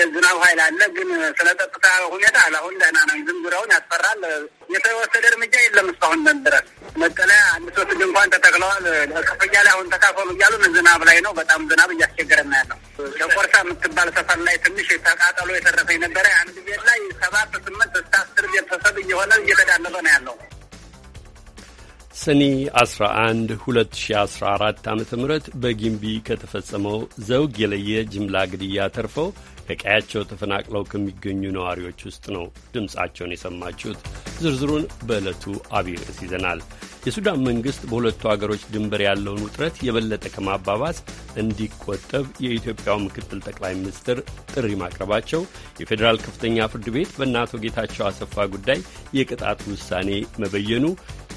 የዝናብ ኃይል አለ። ግን ስለ ጸጥታ ሁኔታ አሁን ደህና ነው። ዝም ዙሪያውን ያስፈራል። የተወሰደ እርምጃ የለም እስካሁን ድረስ። መጠለያ አንድ ሶስት ድንኳን ተተክለዋል። ክፍያ ላይ አሁን ተካፈሉ እያሉ ዝናብ ላይ ነው። በጣም ዝናብ እያስቸገረ ነው ያለው። የቆርሳ የምትባል ሰፈር ላይ ትንሽ ተቃጠሎ የተረፈ ነበረ። አንድ ቤት ላይ ሰባት ስምንት እስከ አስር ቤተሰብ እየሆነ እየተዳለበ ነው ያለው። ሰኔ 11 2014 ዓ ም በጊምቢ ከተፈጸመው ዘውግ የለየ ጅምላ ግድያ ተርፈው ከቀያቸው ተፈናቅለው ከሚገኙ ነዋሪዎች ውስጥ ነው ድምፃቸውን የሰማችሁት። ዝርዝሩን በዕለቱ አብይ ርዕስ ይዘናል። የሱዳን መንግሥት በሁለቱ አገሮች ድንበር ያለውን ውጥረት የበለጠ ከማባባስ እንዲቆጠብ የኢትዮጵያው ምክትል ጠቅላይ ሚኒስትር ጥሪ ማቅረባቸው፣ የፌዴራል ከፍተኛ ፍርድ ቤት በእነ አቶ ጌታቸው አሰፋ ጉዳይ የቅጣት ውሳኔ መበየኑ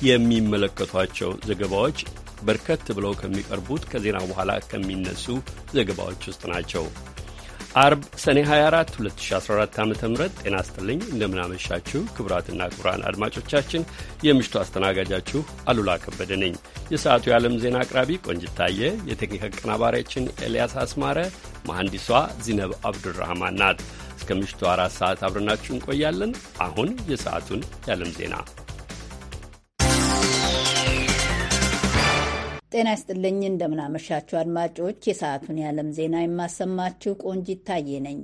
የሚመለከቷቸው ዘገባዎች በርከት ብለው ከሚቀርቡት ከዜና በኋላ ከሚነሱ ዘገባዎች ውስጥ ናቸው። አርብ ሰኔ 24 2014 ዓ ም ጤና ይስጥልኝ። እንደምናመሻችሁ ክቡራትና ክቡራን አድማጮቻችን የምሽቱ አስተናጋጃችሁ አሉላ ከበደ ነኝ። የሰዓቱ የዓለም ዜና አቅራቢ ቆንጅታየ፣ የቴክኒክ አቀናባሪያችን ኤልያስ አስማረ፣ መሐንዲሷ ዚነብ አብዱራህማን ናት። እስከ ምሽቱ አራት ሰዓት አብረናችሁ እንቆያለን። አሁን የሰዓቱን የዓለም ዜና ጤና ይስጥልኝ እንደምናመሻችሁ አድማጮች፣ የሰዓቱን የዓለም ዜና የማሰማችሁ ቆንጂ ታዬ ነኝ።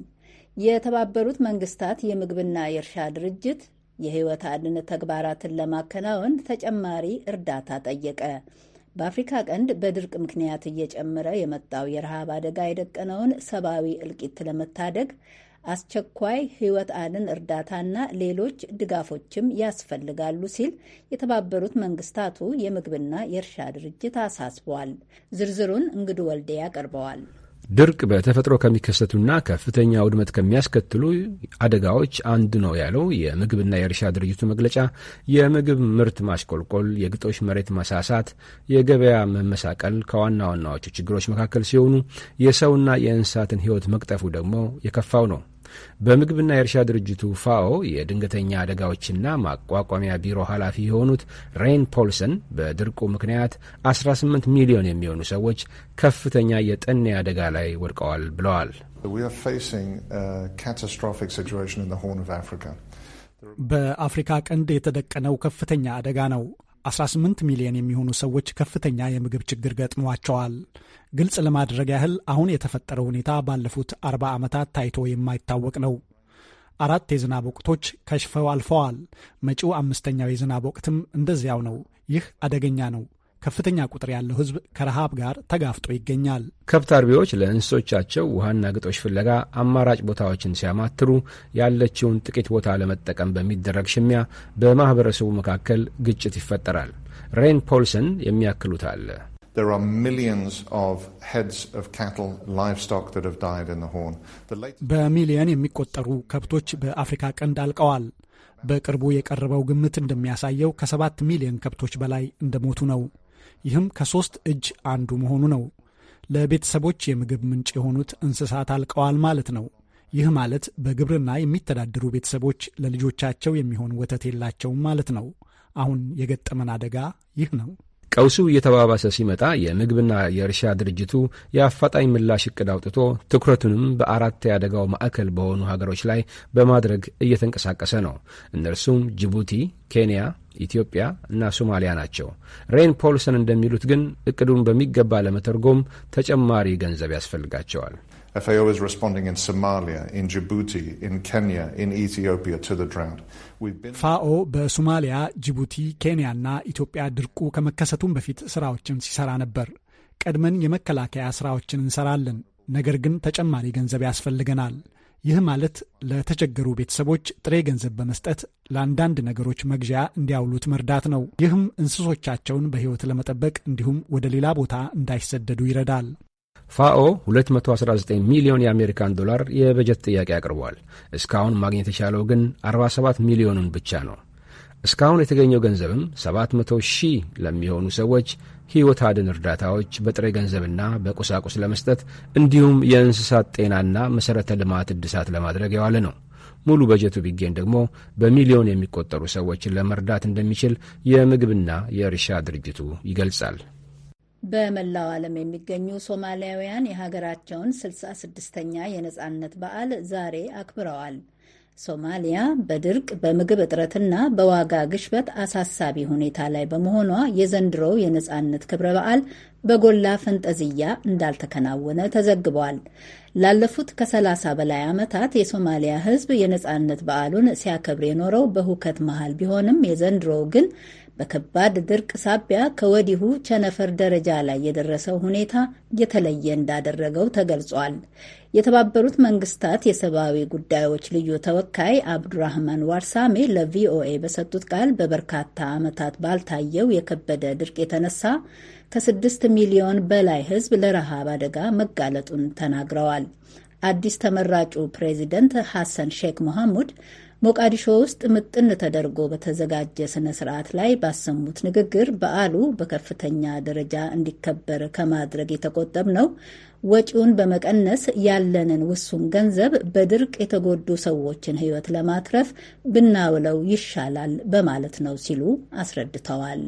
የተባበሩት መንግስታት የምግብና የእርሻ ድርጅት የህይወት አድን ተግባራትን ለማከናወን ተጨማሪ እርዳታ ጠየቀ። በአፍሪካ ቀንድ በድርቅ ምክንያት እየጨመረ የመጣው የረሃብ አደጋ የደቀነውን ሰብአዊ እልቂት ለመታደግ አስቸኳይ ህይወት አድን እርዳታና ሌሎች ድጋፎችም ያስፈልጋሉ ሲል የተባበሩት መንግስታቱ የምግብና የእርሻ ድርጅት አሳስቧል። ዝርዝሩን እንግዱ ወልዴ ያቀርበዋል። ድርቅ በተፈጥሮ ከሚከሰቱና ከፍተኛ ውድመት ከሚያስከትሉ አደጋዎች አንዱ ነው ያለው የምግብና የእርሻ ድርጅቱ መግለጫ የምግብ ምርት ማሽቆልቆል፣ የግጦሽ መሬት መሳሳት፣ የገበያ መመሳቀል ከዋና ዋናዎቹ ችግሮች መካከል ሲሆኑ የሰውና የእንስሳትን ሕይወት መቅጠፉ ደግሞ የከፋው ነው። በምግብና የእርሻ ድርጅቱ ፋኦ የድንገተኛ አደጋዎችና ማቋቋሚያ ቢሮ ኃላፊ የሆኑት ሬይን ፖልሰን በድርቁ ምክንያት 18 ሚሊዮን የሚሆኑ ሰዎች ከፍተኛ የጠኔ አደጋ ላይ ወድቀዋል ብለዋል። በአፍሪካ ቀንድ የተደቀነው ከፍተኛ አደጋ ነው። 18 ሚሊዮን የሚሆኑ ሰዎች ከፍተኛ የምግብ ችግር ገጥሟቸዋል። ግልጽ ለማድረግ ያህል አሁን የተፈጠረው ሁኔታ ባለፉት 40 ዓመታት ታይቶ የማይታወቅ ነው። አራት የዝናብ ወቅቶች ከሽፈው አልፈዋል። መጪው አምስተኛው የዝናብ ወቅትም እንደዚያው ነው። ይህ አደገኛ ነው። ከፍተኛ ቁጥር ያለው ሕዝብ ከረሃብ ጋር ተጋፍጦ ይገኛል። ከብት አርቢዎች ለእንስሶቻቸው ውሃና ግጦሽ ፍለጋ አማራጭ ቦታዎችን ሲያማትሩ ያለችውን ጥቂት ቦታ ለመጠቀም በሚደረግ ሽሚያ በማህበረሰቡ መካከል ግጭት ይፈጠራል። ሬን ፖልሰን የሚያክሉት አለ። በሚሊየን የሚቆጠሩ ከብቶች በአፍሪካ ቀንድ አልቀዋል። በቅርቡ የቀረበው ግምት እንደሚያሳየው ከሰባት ሚሊዮን ከብቶች በላይ እንደሞቱ ነው። ይህም ከሶስት እጅ አንዱ መሆኑ ነው። ለቤተሰቦች የምግብ ምንጭ የሆኑት እንስሳት አልቀዋል ማለት ነው። ይህ ማለት በግብርና የሚተዳደሩ ቤተሰቦች ለልጆቻቸው የሚሆን ወተት የላቸውም ማለት ነው። አሁን የገጠመን አደጋ ይህ ነው። ቀውሱ እየተባባሰ ሲመጣ የምግብና የእርሻ ድርጅቱ የአፋጣኝ ምላሽ እቅድ አውጥቶ ትኩረቱንም በአራት የአደጋው ማዕከል በሆኑ ሀገሮች ላይ በማድረግ እየተንቀሳቀሰ ነው። እነርሱም ጅቡቲ፣ ኬንያ፣ ኢትዮጵያ እና ሶማሊያ ናቸው። ሬን ፖልሰን እንደሚሉት ግን እቅዱን በሚገባ ለመተርጎም ተጨማሪ ገንዘብ ያስፈልጋቸዋል። FAO is responding in Somalia, in Djibouti, in Kenya, in Ethiopia to the drought. ፋኦ በሶማሊያ፣ ጅቡቲ፣ ኬንያና ኢትዮጵያ ድርቁ ከመከሰቱም በፊት ስራዎችን ሲሰራ ነበር። ቀድመን የመከላከያ ስራዎችን እንሰራለን፣ ነገር ግን ተጨማሪ ገንዘብ ያስፈልገናል። ይህ ማለት ለተቸገሩ ቤተሰቦች ጥሬ ገንዘብ በመስጠት ለአንዳንድ ነገሮች መግዣ እንዲያውሉት መርዳት ነው። ይህም እንስሶቻቸውን በሕይወት ለመጠበቅ እንዲሁም ወደ ሌላ ቦታ እንዳይሰደዱ ይረዳል። ፋኦ 219 ሚሊዮን የአሜሪካን ዶላር የበጀት ጥያቄ አቅርቧል። እስካሁን ማግኘት የቻለው ግን 47 ሚሊዮኑን ብቻ ነው። እስካሁን የተገኘው ገንዘብም 700 ሺህ ለሚሆኑ ሰዎች ሕይወት አድን እርዳታዎች በጥሬ ገንዘብና በቁሳቁስ ለመስጠት እንዲሁም የእንስሳት ጤናና መሠረተ ልማት እድሳት ለማድረግ የዋለ ነው። ሙሉ በጀቱ ቢገኝ ደግሞ በሚሊዮን የሚቆጠሩ ሰዎችን ለመርዳት እንደሚችል የምግብና የእርሻ ድርጅቱ ይገልጻል። በመላው ዓለም የሚገኙ ሶማሊያውያን የሀገራቸውን 66ኛ የነጻነት በዓል ዛሬ አክብረዋል። ሶማሊያ በድርቅ በምግብ እጥረትና በዋጋ ግሽበት አሳሳቢ ሁኔታ ላይ በመሆኗ የዘንድሮው የነጻነት ክብረ በዓል በጎላ ፈንጠዝያ እንዳልተከናወነ ተዘግቧል። ላለፉት ከ30 በላይ ዓመታት የሶማሊያ ሕዝብ የነጻነት በዓሉን ሲያከብር የኖረው በሁከት መሃል ቢሆንም የዘንድሮው ግን በከባድ ድርቅ ሳቢያ ከወዲሁ ቸነፈር ደረጃ ላይ የደረሰው ሁኔታ የተለየ እንዳደረገው ተገልጿል። የተባበሩት መንግስታት የሰብአዊ ጉዳዮች ልዩ ተወካይ አብዱራህማን ዋርሳሜ ለቪኦኤ በሰጡት ቃል በበርካታ ዓመታት ባልታየው የከበደ ድርቅ የተነሳ ከስድስት ሚሊዮን በላይ ሕዝብ ለረሃብ አደጋ መጋለጡን ተናግረዋል። አዲስ ተመራጩ ፕሬዚደንት ሐሰን ሼክ መሐሙድ ሞቃዲሾ ውስጥ ምጥን ተደርጎ በተዘጋጀ ስነ ስርዓት ላይ ባሰሙት ንግግር በዓሉ በከፍተኛ ደረጃ እንዲከበር ከማድረግ የተቆጠብ ነው። ወጪውን በመቀነስ ያለንን ውሱን ገንዘብ በድርቅ የተጎዱ ሰዎችን ሕይወት ለማትረፍ ብናውለው ይሻላል በማለት ነው ሲሉ አስረድተዋል።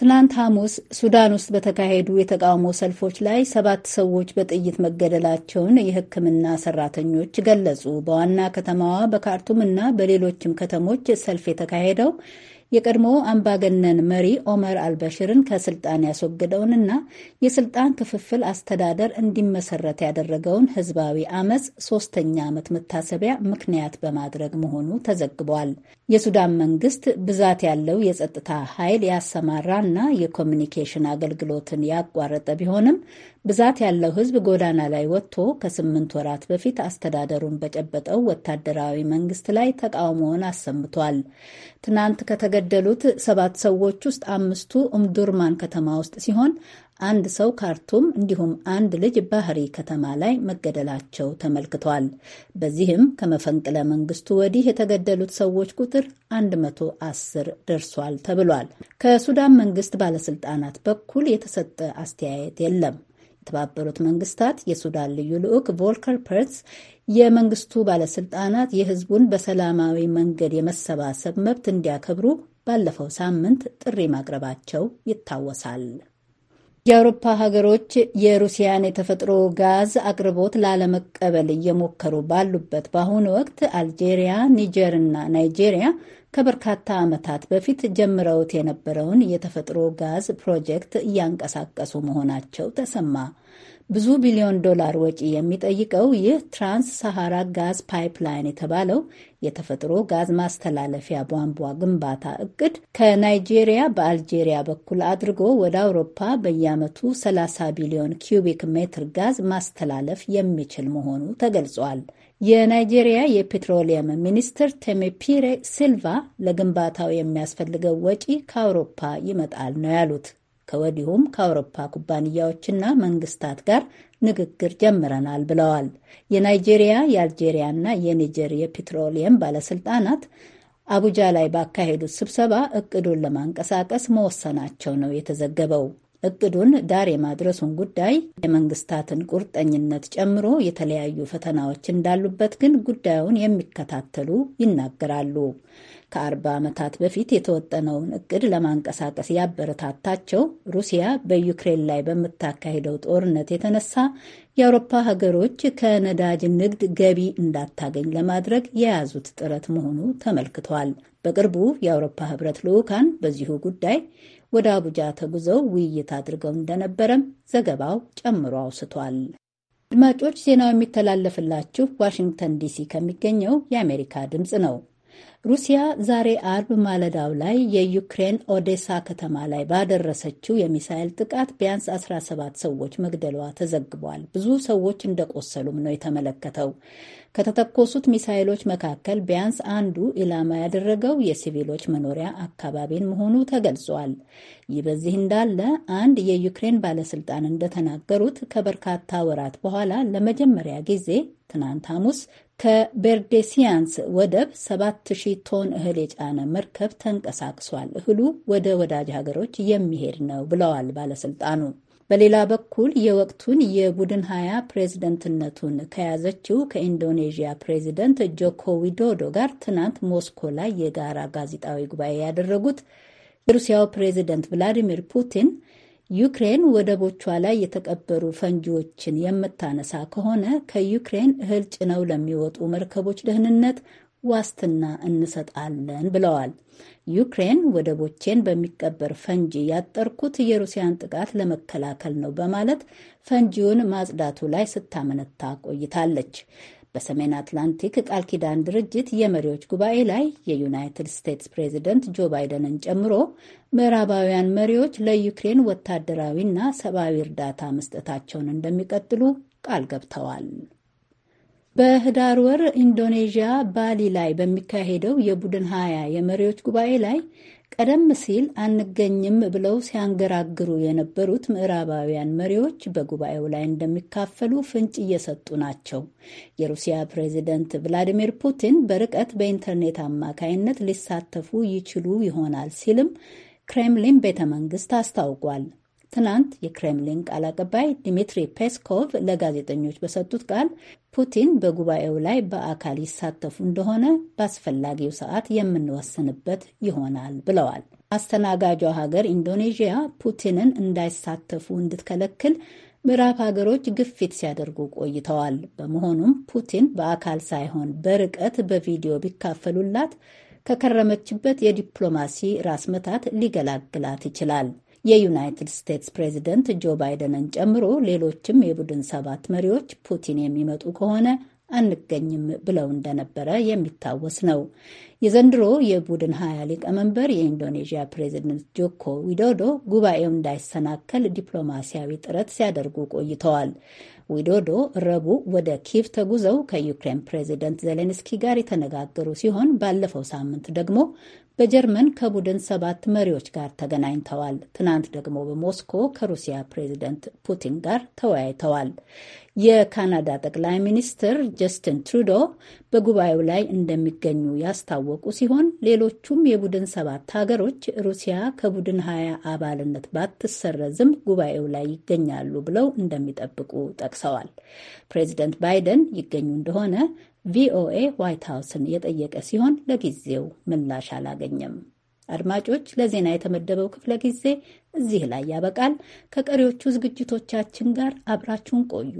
ትናንት ሐሙስ ሱዳን ውስጥ በተካሄዱ የተቃውሞ ሰልፎች ላይ ሰባት ሰዎች በጥይት መገደላቸውን የሕክምና ሰራተኞች ገለጹ። በዋና ከተማዋ በካርቱም እና በሌሎችም ከተሞች ሰልፍ የተካሄደው የቀድሞ አምባገነን መሪ ኦመር አልበሽርን ከስልጣን ያስወገደውንና የስልጣን ክፍፍል አስተዳደር እንዲመሰረት ያደረገውን ህዝባዊ አመፅ ሶስተኛ ዓመት መታሰቢያ ምክንያት በማድረግ መሆኑ ተዘግቧል። የሱዳን መንግስት ብዛት ያለው የጸጥታ ኃይል ያሰማራና የኮሚኒኬሽን አገልግሎትን ያቋረጠ ቢሆንም ብዛት ያለው ህዝብ ጎዳና ላይ ወጥቶ ከስምንት ወራት በፊት አስተዳደሩን በጨበጠው ወታደራዊ መንግስት ላይ ተቃውሞውን አሰምቷል። ትናንት ከተገደሉት ሰባት ሰዎች ውስጥ አምስቱ ኡምዱርማን ከተማ ውስጥ ሲሆን አንድ ሰው ካርቱም እንዲሁም አንድ ልጅ ባህሪ ከተማ ላይ መገደላቸው ተመልክቷል። በዚህም ከመፈንቅለ መንግስቱ ወዲህ የተገደሉት ሰዎች ቁጥር 110 ደርሷል ተብሏል። ከሱዳን መንግስት ባለስልጣናት በኩል የተሰጠ አስተያየት የለም። የተባበሩት መንግስታት የሱዳን ልዩ ልዑክ ቮልከር ፐርትስ የመንግስቱ ባለስልጣናት የህዝቡን በሰላማዊ መንገድ የመሰባሰብ መብት እንዲያከብሩ ባለፈው ሳምንት ጥሪ ማቅረባቸው ይታወሳል። የአውሮፓ ሀገሮች የሩሲያን የተፈጥሮ ጋዝ አቅርቦት ላለመቀበል እየሞከሩ ባሉበት በአሁኑ ወቅት አልጄሪያ፣ ኒጀር እና ናይጄሪያ ከበርካታ ዓመታት በፊት ጀምረውት የነበረውን የተፈጥሮ ጋዝ ፕሮጀክት እያንቀሳቀሱ መሆናቸው ተሰማ። ብዙ ቢሊዮን ዶላር ወጪ የሚጠይቀው ይህ ትራንስ ሳሃራ ጋዝ ፓይፕላይን የተባለው የተፈጥሮ ጋዝ ማስተላለፊያ ቧንቧ ግንባታ እቅድ ከናይጄሪያ በአልጄሪያ በኩል አድርጎ ወደ አውሮፓ በየዓመቱ 30 ቢሊዮን ኪዩቢክ ሜትር ጋዝ ማስተላለፍ የሚችል መሆኑ ተገልጿል። የናይጄሪያ የፔትሮሊየም ሚኒስትር ቴሜፒሬ ሲልቫ ለግንባታው የሚያስፈልገው ወጪ ከአውሮፓ ይመጣል ነው ያሉት። ከወዲሁም ከአውሮፓ ኩባንያዎችና መንግስታት ጋር ንግግር ጀምረናል ብለዋል። የናይጄሪያ የአልጄሪያና የኒጀር የፔትሮሊየም ባለስልጣናት አቡጃ ላይ ባካሄዱት ስብሰባ እቅዱን ለማንቀሳቀስ መወሰናቸው ነው የተዘገበው። እቅዱን ዳር የማድረሱን ጉዳይ የመንግስታትን ቁርጠኝነት ጨምሮ የተለያዩ ፈተናዎች እንዳሉበት ግን ጉዳዩን የሚከታተሉ ይናገራሉ። ከአርባ ዓመታት በፊት የተወጠነውን እቅድ ለማንቀሳቀስ ያበረታታቸው ሩሲያ በዩክሬን ላይ በምታካሄደው ጦርነት የተነሳ የአውሮፓ ሀገሮች ከነዳጅ ንግድ ገቢ እንዳታገኝ ለማድረግ የያዙት ጥረት መሆኑ ተመልክቷል። በቅርቡ የአውሮፓ ህብረት ልዑካን በዚሁ ጉዳይ ወደ አቡጃ ተጉዘው ውይይት አድርገው እንደነበረም ዘገባው ጨምሮ አውስቷል። አድማጮች ዜናው የሚተላለፍላችሁ ዋሽንግተን ዲሲ ከሚገኘው የአሜሪካ ድምፅ ነው። ሩሲያ ዛሬ አርብ ማለዳው ላይ የዩክሬን ኦዴሳ ከተማ ላይ ባደረሰችው የሚሳኤል ጥቃት ቢያንስ 17 ሰዎች መግደሏ ተዘግቧል። ብዙ ሰዎች እንደቆሰሉም ነው የተመለከተው። ከተተኮሱት ሚሳይሎች መካከል ቢያንስ አንዱ ኢላማ ያደረገው የሲቪሎች መኖሪያ አካባቢን መሆኑ ተገልጿል። ይህ በዚህ እንዳለ አንድ የዩክሬን ባለስልጣን እንደተናገሩት ከበርካታ ወራት በኋላ ለመጀመሪያ ጊዜ ትናንት ሐሙስ ከቤርዴሲያንስ ወደብ 7000 ቶን እህል የጫነ መርከብ ተንቀሳቅሷል። እህሉ ወደ ወዳጅ ሀገሮች የሚሄድ ነው ብለዋል ባለስልጣኑ። በሌላ በኩል የወቅቱን የቡድን ሀያ ፕሬዝደንትነቱን ከያዘችው ከኢንዶኔዥያ ፕሬዝደንት ጆኮ ዊዶዶ ጋር ትናንት ሞስኮ ላይ የጋራ ጋዜጣዊ ጉባኤ ያደረጉት የሩሲያው ፕሬዝደንት ቭላዲሚር ፑቲን ዩክሬን ወደቦቿ ላይ የተቀበሩ ፈንጂዎችን የምታነሳ ከሆነ ከዩክሬን እህል ጭነው ለሚወጡ መርከቦች ደህንነት ዋስትና እንሰጣለን ብለዋል። ዩክሬን ወደቦቼን በሚቀበር ፈንጂ ያጠርኩት የሩሲያን ጥቃት ለመከላከል ነው በማለት ፈንጂውን ማጽዳቱ ላይ ስታመነታ ቆይታለች። በሰሜን አትላንቲክ ቃል ኪዳን ድርጅት የመሪዎች ጉባኤ ላይ የዩናይትድ ስቴትስ ፕሬዚደንት ጆ ባይደንን ጨምሮ ምዕራባውያን መሪዎች ለዩክሬን ወታደራዊና ሰብአዊ እርዳታ መስጠታቸውን እንደሚቀጥሉ ቃል ገብተዋል። በህዳር ወር ኢንዶኔዥያ ባሊ ላይ በሚካሄደው የቡድን ሀያ የመሪዎች ጉባኤ ላይ ቀደም ሲል አንገኝም ብለው ሲያንገራግሩ የነበሩት ምዕራባውያን መሪዎች በጉባኤው ላይ እንደሚካፈሉ ፍንጭ እየሰጡ ናቸው። የሩሲያ ፕሬዚደንት ቭላዲሚር ፑቲን በርቀት በኢንተርኔት አማካይነት ሊሳተፉ ይችሉ ይሆናል ሲልም ክሬምሊን ቤተ መንግስት አስታውቋል። ትናንት የክሬምሊን ቃል አቀባይ ዲሚትሪ ፔስኮቭ ለጋዜጠኞች በሰጡት ቃል ፑቲን በጉባኤው ላይ በአካል ይሳተፉ እንደሆነ በአስፈላጊው ሰዓት የምንወስንበት ይሆናል ብለዋል። አስተናጋጇ ሀገር ኢንዶኔዥያ ፑቲንን እንዳይሳተፉ እንድትከለክል ምዕራብ ሀገሮች ግፊት ሲያደርጉ ቆይተዋል። በመሆኑም ፑቲን በአካል ሳይሆን በርቀት በቪዲዮ ቢካፈሉላት ከከረመችበት የዲፕሎማሲ ራስ ምታት ሊገላግላት ይችላል። የዩናይትድ ስቴትስ ፕሬዚደንት ጆ ባይደንን ጨምሮ ሌሎችም የቡድን ሰባት መሪዎች ፑቲን የሚመጡ ከሆነ አንገኝም ብለው እንደነበረ የሚታወስ ነው። የዘንድሮ የቡድን ሀያ ሊቀመንበር የኢንዶኔዥያ ፕሬዚደንት ጆኮ ዊዶዶ ጉባኤው እንዳይሰናከል ዲፕሎማሲያዊ ጥረት ሲያደርጉ ቆይተዋል። ዊዶዶ ረቡዕ ወደ ኪቭ ተጉዘው ከዩክሬን ፕሬዚደንት ዜሌንስኪ ጋር የተነጋገሩ ሲሆን ባለፈው ሳምንት ደግሞ በጀርመን ከቡድን ሰባት መሪዎች ጋር ተገናኝተዋል። ትናንት ደግሞ በሞስኮ ከሩሲያ ፕሬዚደንት ፑቲን ጋር ተወያይተዋል። የካናዳ ጠቅላይ ሚኒስትር ጀስቲን ትሩዶ በጉባኤው ላይ እንደሚገኙ ያስታወቁ ሲሆን ሌሎቹም የቡድን ሰባት ሀገሮች ሩሲያ ከቡድን ሀያ አባልነት ባትሰረዝም ጉባኤው ላይ ይገኛሉ ብለው እንደሚጠብቁ ጠቅሰዋል። ፕሬዚደንት ባይደን ይገኙ እንደሆነ ቪኦኤ ዋይት ሀውስን የጠየቀ ሲሆን ለጊዜው ምላሽ አላገኘም። አድማጮች፣ ለዜና የተመደበው ክፍለ ጊዜ እዚህ ላይ ያበቃል። ከቀሪዎቹ ዝግጅቶቻችን ጋር አብራችሁን ቆዩ።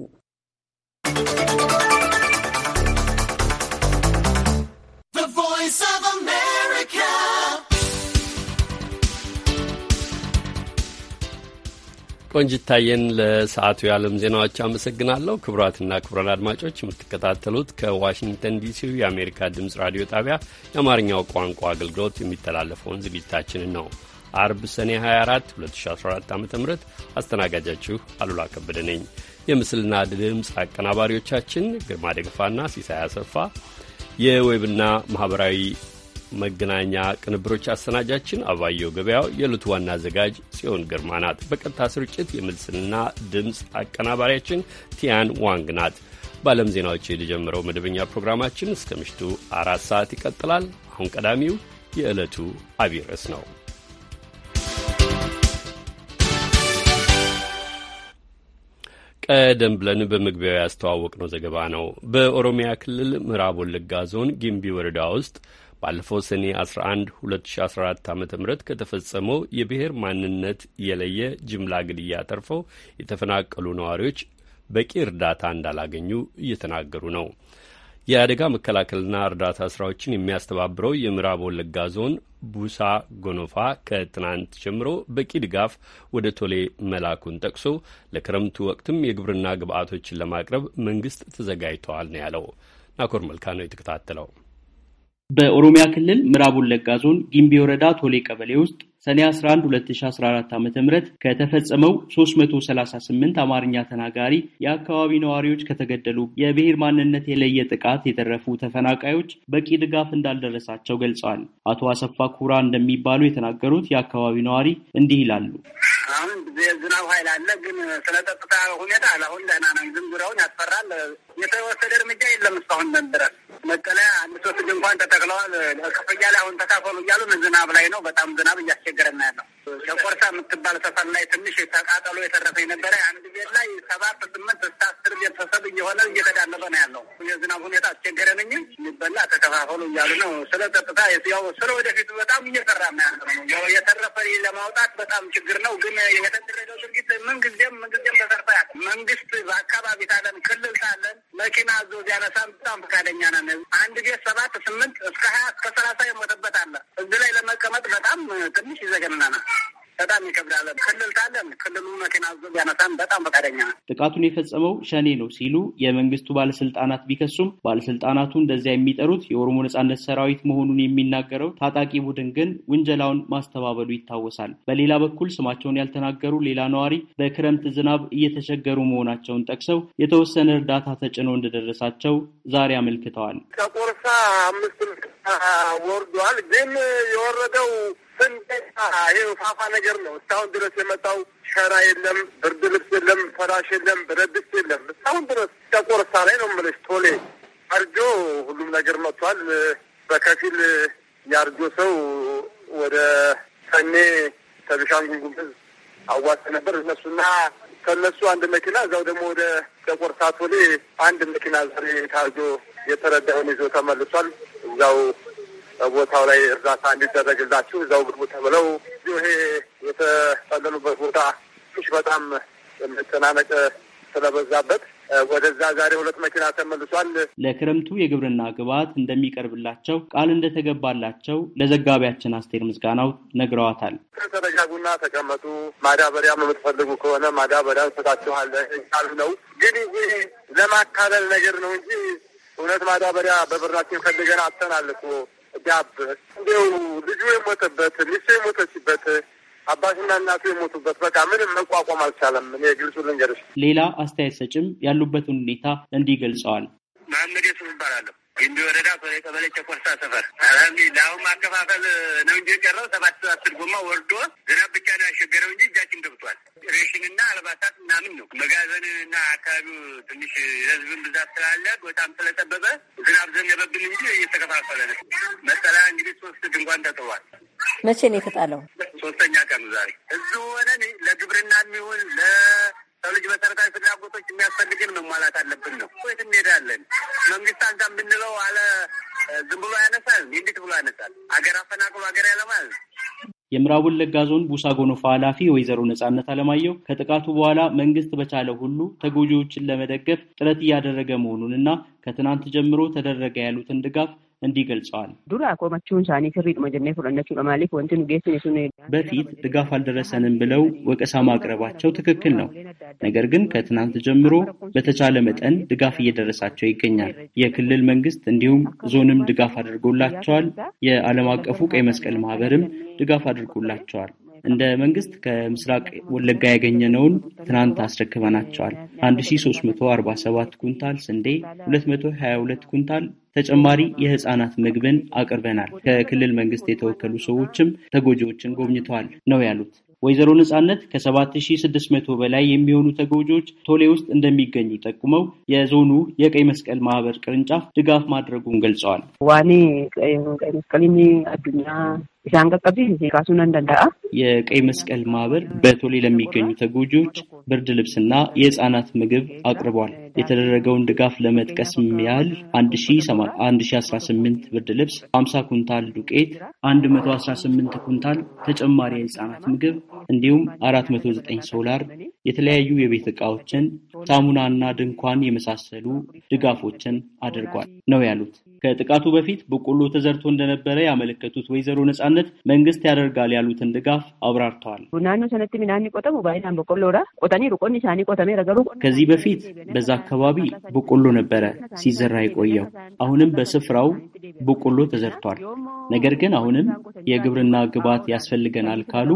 ቆንጅታየን ለሰዓቱ የዓለም ዜናዎች አመሰግናለሁ። ክቡራትና ክቡራን አድማጮች የምትከታተሉት ከዋሽንግተን ዲሲው የአሜሪካ ድምፅ ራዲዮ ጣቢያ የአማርኛው ቋንቋ አገልግሎት የሚተላለፈውን ዝግጅታችንን ነው። አርብ ሰኔ 24 2014 ዓ ም አስተናጋጃችሁ አሉላ ከበደ ነኝ። የምስልና ድምፅ አቀናባሪዎቻችን ግርማ ደግፋና ሲሳይ አሰፋ፣ የዌብና ማኅበራዊ መገናኛ ቅንብሮች አሰናጃችን አባየው ገበያው፣ የዕለቱ ዋና አዘጋጅ ጽዮን ግርማ ናት። በቀጥታ ስርጭት የምስልና ድምፅ አቀናባሪያችን ቲያን ዋንግ ናት። በዓለም ዜናዎች የተጀመረው መደበኛ ፕሮግራማችን እስከ ምሽቱ አራት ሰዓት ይቀጥላል። አሁን ቀዳሚው የዕለቱ አቢይ ርዕስ ነው። ቀደም ብለን በመግቢያው ያስተዋወቅነው ዘገባ ነው። በኦሮሚያ ክልል ምዕራብ ወለጋ ዞን ጊምቢ ወረዳ ውስጥ ባለፈው ሰኔ 11 2014 ዓ ም ከተፈጸመው የብሔር ማንነት የለየ ጅምላ ግድያ ተርፈው የተፈናቀሉ ነዋሪዎች በቂ እርዳታ እንዳላገኙ እየተናገሩ ነው። የአደጋ መከላከልና እርዳታ ስራዎችን የሚያስተባብረው የምዕራብ ወለጋ ዞን ቡሳ ጎኖፋ ከትናንት ጀምሮ በቂ ድጋፍ ወደ ቶሌ መላኩን ጠቅሶ ለክረምቱ ወቅትም የግብርና ግብዓቶችን ለማቅረብ መንግስት ተዘጋጅተዋል ነው ያለው። ናኮር መልካ ነው የተከታተለው። በኦሮሚያ ክልል ምዕራብ ወለጋ ዞን ጊምቢ ወረዳ ቶሌ ቀበሌ ውስጥ ሰኔ 11 2014 ዓ ም ከተፈጸመው 338 አማርኛ ተናጋሪ የአካባቢ ነዋሪዎች ከተገደሉ የብሔር ማንነት የለየ ጥቃት የተረፉ ተፈናቃዮች በቂ ድጋፍ እንዳልደረሳቸው ገልጸዋል። አቶ አሰፋ ኩራ እንደሚባሉ የተናገሩት የአካባቢ ነዋሪ እንዲህ ይላሉ። አሁን የዝናብ ኃይል አለ። ግን ስለ ጸጥታ ሁኔታ አሁን ደህና ነው። ዝም ዙሪያውን ያስፈራል። የተወሰደ እርምጃ የለም እስካሁን ድረስ። መጠለያ አንድ ሶስት ድንኳን ተተክለዋል። ክፍያ ላይ አሁን ተካፈሉ እያሉ ዝናብ ላይ ነው። በጣም ዝናብ እያስቸገረና ያለው ጨቆርሳ የምትባል ሰፈር ላይ ትንሽ ተቃጠሎ የተረፈኝ ነበረ። አንድ ቤት ላይ ሰባት ስምንት እስከ አስር ቤተሰብ እየሆነ እየተዳለፈ ነው ያለው። የዝናብ ሁኔታ አስቸገረንኝ። እንጂ የሚበላ ተከፋፈሉ እያሉ ነው። ስለ ጸጥታ ያው ስለ ወደፊቱ በጣም እየሰራ ነው ያለው። የተረፈ ለማውጣት በጣም ችግር ነው። ግን የተደረገው ድርጊት ምንጊዜም ምንጊዜም ምን ያለ መንግስት በአካባቢ ታለን ክልል ታለን መኪና አዞ ቢያነሳን በጣም ፈቃደኛ ነን። አንድ ቤት ሰባት ስምንት እስከ ሀያ እስከ ሰላሳ የሞተበት አለ። እዚህ ላይ ለመቀመጥ በጣም ትንሽ ይዘገንናናል። በጣም ይከብዳል። ክልል ካለን ክልሉ መኪና ዞ ያነሳን በጣም ፈቃደኛ ጥቃቱን የፈጸመው ሸኔ ነው ሲሉ የመንግስቱ ባለስልጣናት ቢከሱም ባለስልጣናቱ እንደዚያ የሚጠሩት የኦሮሞ ነጻነት ሰራዊት መሆኑን የሚናገረው ታጣቂ ቡድን ግን ውንጀላውን ማስተባበሉ ይታወሳል። በሌላ በኩል ስማቸውን ያልተናገሩ ሌላ ነዋሪ በክረምት ዝናብ እየተቸገሩ መሆናቸውን ጠቅሰው የተወሰነ እርዳታ ተጭኖ እንደደረሳቸው ዛሬ አመልክተዋል። ከቆርሳ አምስት ወርዷል። ግን የወረደው ስንዴና ይህ ፋፋ ነገር ነው። እስካሁን ድረስ የመጣው ሸራ የለም፣ ብርድ ልብስ የለም፣ ፈራሽ የለም፣ ብረት ድስት የለም። እስካሁን ድረስ ከቆርሳ ላይ ነው የምልሽ። ቶሌ አርጆ ሁሉም ነገር መጥቷል። በከፊል የአርጆ ሰው ወደ ሰኔ ከቤኒሻንጉል ጉሙዝ አዋሰ ነበር እነሱና ከነሱ አንድ መኪና እዛው ደግሞ ወደ ቆርሳ ቶሌ አንድ መኪና ዛሬ ታርጆ የተረዳውን ይዞ ተመልሷል። እዛው ቦታው ላይ እርዳታ እንዲደረግላችሁ እዛው ግቡ ተብለው ይሄ የተጠለሉበት ቦታ ትንሽ በጣም የመጨናነቅ ስለበዛበት ወደዛ ዛሬ ሁለት መኪና ተመልሷል። ለክረምቱ የግብርና ግብዓት እንደሚቀርብላቸው ቃል እንደተገባላቸው ለዘጋቢያችን አስቴር ምስጋናው ነግረዋታል። ተረጋጉና ተቀመጡ፣ ማዳበሪያም የምትፈልጉ ከሆነ ማዳበሪያ እንሰጣችኋለን ነው። ግን ለማካለል ነገር ነው እንጂ እውነት ማዳበሪያ በብራችን ፈልገን አተናል እኮ ዳብ እንዲው ልጁ የሞተበት ሚስቱ የሞተችበት አባትና እናቱ የሞቱበት በቃ ምንም መቋቋም አልቻለም። እኔ ግልጹ ልንገርሽ። ሌላ አስተያየት ሰጭም ያሉበትን ሁኔታ እንዲህ ገልጸዋል። መሐመድ የሱፍ እባላለሁ። ግንቢ ወረዳ ቀበሌ ቸኮርሳ ሰፈር አልሐምዱሊላህ። አሁን ማከፋፈል ነው እንጂ የቀረው ሰባት አስር ጎማ ወርዶ ዝናብ ብቻ ነው ያሸገረው እንጂ እጃችን ገብቷል። ሬሽንና አልባሳት ምናምን ነው መጋዘንና አካባቢው ትንሽ የህዝብን ብዛት ስላለ በጣም ስለጠበበ ዝናብ ዘነበብን እንጂ እየተከፋፈለ ነው። መጠለያ እንግዲህ ሶስት ድንኳን ተጥሏል። መቼ ነው የተጣለው? ሶስተኛ ቀኑ ዛሬ። እዚሁ ሆነን ለግብርና የሚሆን ለ ልጅ መሰረታዊ ፍላጎቶች የሚያስፈልግን መሟላት አለብን ነው። ወይት እንሄዳለን። መንግስት አንዛ የምንለው አለ ዝም ብሎ ያነሳል። እንዴት ብሎ ያነሳል? አገር አፈናቅሎ ሀገር ያለማል። የምዕራብ ወለጋ ዞን ቡሳ ጎኖፋ ኃላፊ ወይዘሮ ነጻነት አለማየሁ ከጥቃቱ በኋላ መንግስት በቻለ ሁሉ ተጎጂዎችን ለመደገፍ ጥረት እያደረገ መሆኑን እና ከትናንት ጀምሮ ተደረገ ያሉትን ድጋፍ እንዲህ ገልጸዋል። ዱራ ስሪ በፊት ድጋፍ አልደረሰንም ብለው ወቀሳ ማቅረባቸው ትክክል ነው። ነገር ግን ከትናንት ጀምሮ በተቻለ መጠን ድጋፍ እየደረሳቸው ይገኛል። የክልል መንግስት እንዲሁም ዞንም ድጋፍ አድርጎላቸዋል። የዓለም አቀፉ ቀይ መስቀል ማህበርም ድጋፍ አድርጎላቸዋል። እንደ መንግስት ከምስራቅ ወለጋ ያገኘነውን ትናንት አስረክበናቸዋል። 1347 ኩንታል ስንዴ፣ 222 ኩንታል ተጨማሪ የህፃናት ምግብን አቅርበናል። ከክልል መንግስት የተወከሉ ሰዎችም ተጎጂዎችን ጎብኝተዋል ነው ያሉት። ወይዘሮ ነጻነት ከ7600 በላይ የሚሆኑ ተጎጂዎች ቶሌ ውስጥ እንደሚገኙ ጠቁመው የዞኑ የቀይ መስቀል ማህበር ቅርንጫፍ ድጋፍ ማድረጉን ገልጸዋል። ዋኔ ቀይ መስቀል አዱኛ ኢሳን ቀቀቢ ዜቃሱን የቀይ መስቀል ማህበር በቶሌ ለሚገኙ ተጎጂዎች ብርድ ልብስና የህፃናት ምግብ አቅርቧል። የተደረገውን ድጋፍ ለመጥቀስ ያህል 1018 ብርድ ልብስ፣ 50 ኩንታል ዱቄት፣ 118 ኩንታል ተጨማሪ የህፃናት ምግብ እንዲሁም 409 ሶላር፣ የተለያዩ የቤት ዕቃዎችን፣ ሳሙናና ድንኳን የመሳሰሉ ድጋፎችን አድርጓል ነው ያሉት። ከጥቃቱ በፊት በቆሎ ተዘርቶ እንደነበረ ያመለከቱት ወይዘሮ ነጻነት መንግስት ያደርጋል ያሉትን ድጋፍ አብራርተዋል። ከዚህ በፊት በዛ አካባቢ በቆሎ ነበረ ሲዘራ የቆየው። አሁንም በስፍራው በቆሎ ተዘርቷል። ነገር ግን አሁንም የግብርና ግብዓት ያስፈልገናል ካሉ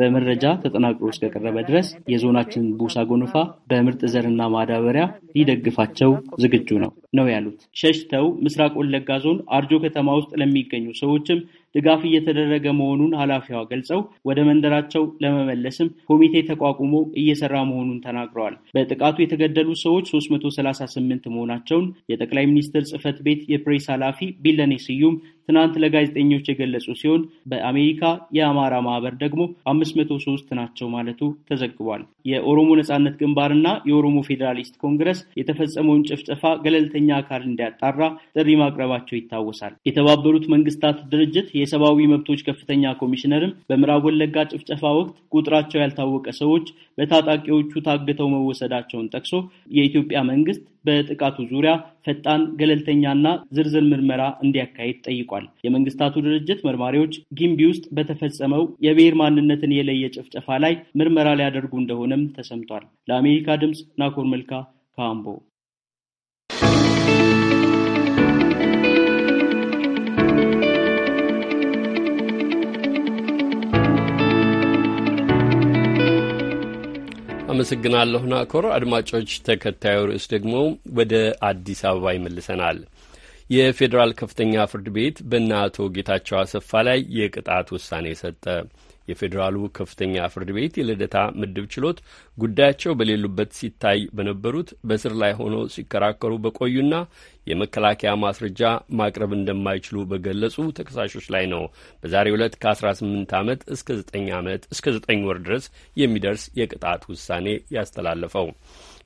በመረጃ ተጠናቅሮ እስከቀረበ ድረስ የዞናችን ቡሳ ጎንፋ በምርጥ ዘርና ማዳበሪያ ሊደግፋቸው ዝግጁ ነው። ነው ያሉት። ሸሽተው ምስራቅ ወለጋ ዞን አርጆ ከተማ ውስጥ ለሚገኙ ሰዎችም ድጋፍ እየተደረገ መሆኑን ኃላፊዋ ገልጸው ወደ መንደራቸው ለመመለስም ኮሚቴ ተቋቁሞ እየሰራ መሆኑን ተናግረዋል። በጥቃቱ የተገደሉ ሰዎች 338 መሆናቸውን የጠቅላይ ሚኒስትር ጽህፈት ቤት የፕሬስ ኃላፊ ቢለኔ ስዩም ትናንት ለጋዜጠኞች የገለጹ ሲሆን በአሜሪካ የአማራ ማህበር ደግሞ አምስት መቶ ሶስት ናቸው ማለቱ ተዘግቧል። የኦሮሞ ነጻነት ግንባርና የኦሮሞ ፌዴራሊስት ኮንግረስ የተፈጸመውን ጭፍጨፋ ገለልተኛ አካል እንዲያጣራ ጥሪ ማቅረባቸው ይታወሳል። የተባበሩት መንግስታት ድርጅት የሰብአዊ መብቶች ከፍተኛ ኮሚሽነርም በምዕራብ ወለጋ ጭፍጨፋ ወቅት ቁጥራቸው ያልታወቀ ሰዎች በታጣቂዎቹ ታግተው መወሰዳቸውን ጠቅሶ የኢትዮጵያ መንግስት በጥቃቱ ዙሪያ ፈጣን ገለልተኛና ዝርዝር ምርመራ እንዲያካሄድ ጠይቋል። የመንግስታቱ ድርጅት መርማሪዎች ጊምቢ ውስጥ በተፈጸመው የብሔር ማንነትን የለየ ጭፍጨፋ ላይ ምርመራ ሊያደርጉ እንደሆነም ተሰምቷል። ለአሜሪካ ድምፅ ናኮር መልካ ካምቦ አመሰግናለሁ ናኮር። አድማጮች፣ ተከታዩ ርዕስ ደግሞ ወደ አዲስ አበባ ይመልሰናል። የፌዴራል ከፍተኛ ፍርድ ቤት በእነ አቶ ጌታቸው አሰፋ ላይ የቅጣት ውሳኔ ሰጠ። የፌዴራሉ ከፍተኛ ፍርድ ቤት የልደታ ምድብ ችሎት ጉዳያቸው በሌሉበት ሲታይ በነበሩት በስር ላይ ሆነው ሲከራከሩ በቆዩና የመከላከያ ማስረጃ ማቅረብ እንደማይችሉ በገለጹ ተከሳሾች ላይ ነው በዛሬ ዕለት ከ18 ዓመት እስከ 9 ዓመት እስከ 9 ወር ድረስ የሚደርስ የቅጣት ውሳኔ ያስተላለፈው።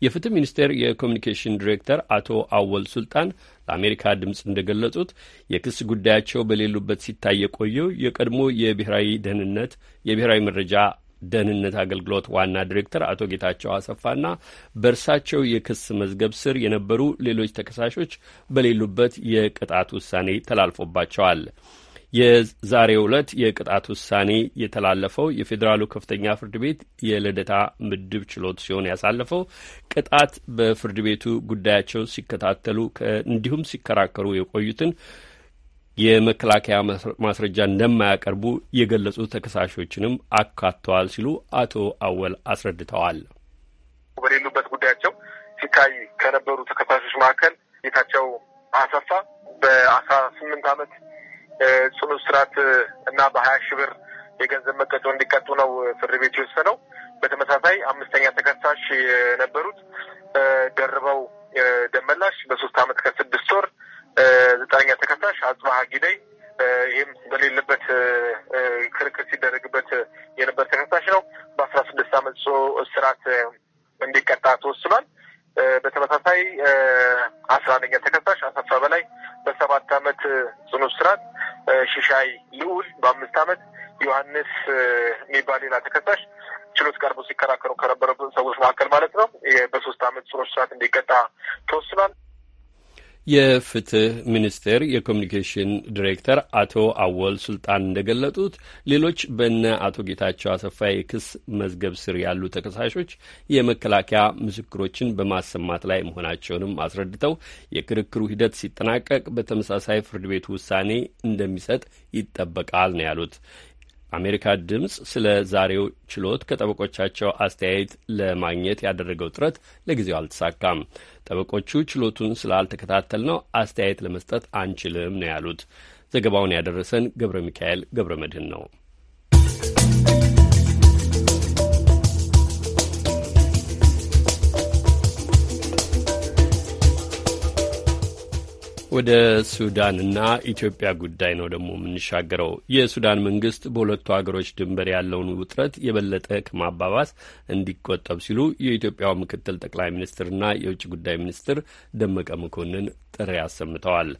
የፍትህ ሚኒስቴር የኮሚኒኬሽን ዲሬክተር አቶ አወል ሱልጣን ለአሜሪካ ድምፅ እንደገለጹት የክስ ጉዳያቸው በሌሉበት ሲታይ የቆየው የቀድሞ የብሔራዊ ደህንነት የብሔራዊ መረጃ ደህንነት አገልግሎት ዋና ዲሬክተር አቶ ጌታቸው አሰፋና በእርሳቸው የክስ መዝገብ ስር የነበሩ ሌሎች ተከሳሾች በሌሉበት የቅጣት ውሳኔ ተላልፎባቸዋል። የዛሬው ዕለት የቅጣት ውሳኔ የተላለፈው የፌዴራሉ ከፍተኛ ፍርድ ቤት የልደታ ምድብ ችሎት ሲሆን ያሳለፈው ቅጣት በፍርድ ቤቱ ጉዳያቸው ሲከታተሉ እንዲሁም ሲከራከሩ የቆዩትን የመከላከያ ማስረጃ እንደማያቀርቡ የገለጹ ተከሳሾችንም አካተዋል ሲሉ አቶ አወል አስረድተዋል። በሌሉበት ጉዳያቸው ሲታይ ከነበሩ ተከሳሾች መካከል ጌታቸው አሰፋ በአስራ ስምንት ዓመት ጽኑ እስራት እና በሀያ ሺህ ብር የገንዘብ መቀጮ እንዲቀጡ ነው ፍርድ ቤቱ የወሰነው። በተመሳሳይ አምስተኛ ተከሳሽ የነበሩት ደርበው የፍትህ ሚኒስቴር የኮሚኒኬሽን ዲሬክተር አቶ አወል ሱልጣን እንደገለጡት ሌሎች በነ አቶ ጌታቸው አሰፋ የክስ መዝገብ ስር ያሉ ተከሳሾች የመከላከያ ምስክሮችን በማሰማት ላይ መሆናቸውንም አስረድተው የክርክሩ ሂደት ሲጠናቀቅ በተመሳሳይ ፍርድ ቤቱ ውሳኔ እንደሚሰጥ ይጠበቃል ነው ያሉት። አሜሪካ ድምፅ ስለ ዛሬው ችሎት ከጠበቆቻቸው አስተያየት ለማግኘት ያደረገው ጥረት ለጊዜው አልተሳካም። ጠበቆቹ ችሎቱን ስላልተከታተል ነው አስተያየት ለመስጠት አንችልም ነው ያሉት። ዘገባውን ያደረሰን ገብረ ሚካኤል ገብረ መድህን ነው። ወደ ሱዳንና ኢትዮጵያ ጉዳይ ነው ደግሞ የምንሻገረው። የሱዳን መንግስት በሁለቱ ሀገሮች ድንበር ያለውን ውጥረት የበለጠ ከማባባስ እንዲቆጠብ ሲሉ የኢትዮጵያው ምክትል ጠቅላይ ሚኒስትርና የውጭ ጉዳይ ሚኒስትር ደመቀ መኮንን ጥሪ አሰምተዋል።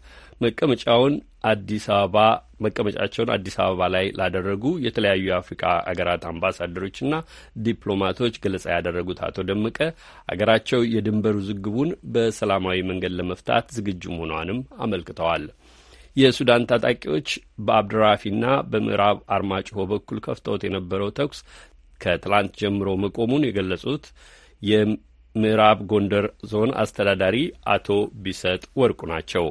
መቀመጫውን አዲስ አበባ መቀመጫቸውን አዲስ አበባ ላይ ላደረጉ የተለያዩ የአፍሪካ አገራት አምባሳደሮችና ዲፕሎማቶች ገለጻ ያደረጉት አቶ ደመቀ አገራቸው የድንበር ውዝግቡን በሰላማዊ መንገድ ለመፍታት ዝግጁ መሆኗንም አመልክተዋል። የሱዳን ታጣቂዎች በአብድራፊና በምዕራብ አርማጭሆ በኩል ከፍተውት የነበረው ተኩስ ከትላንት ጀምሮ መቆሙን የገለጹት የምዕራብ ጎንደር ዞን አስተዳዳሪ አቶ ቢሰጥ ወርቁ ናቸው።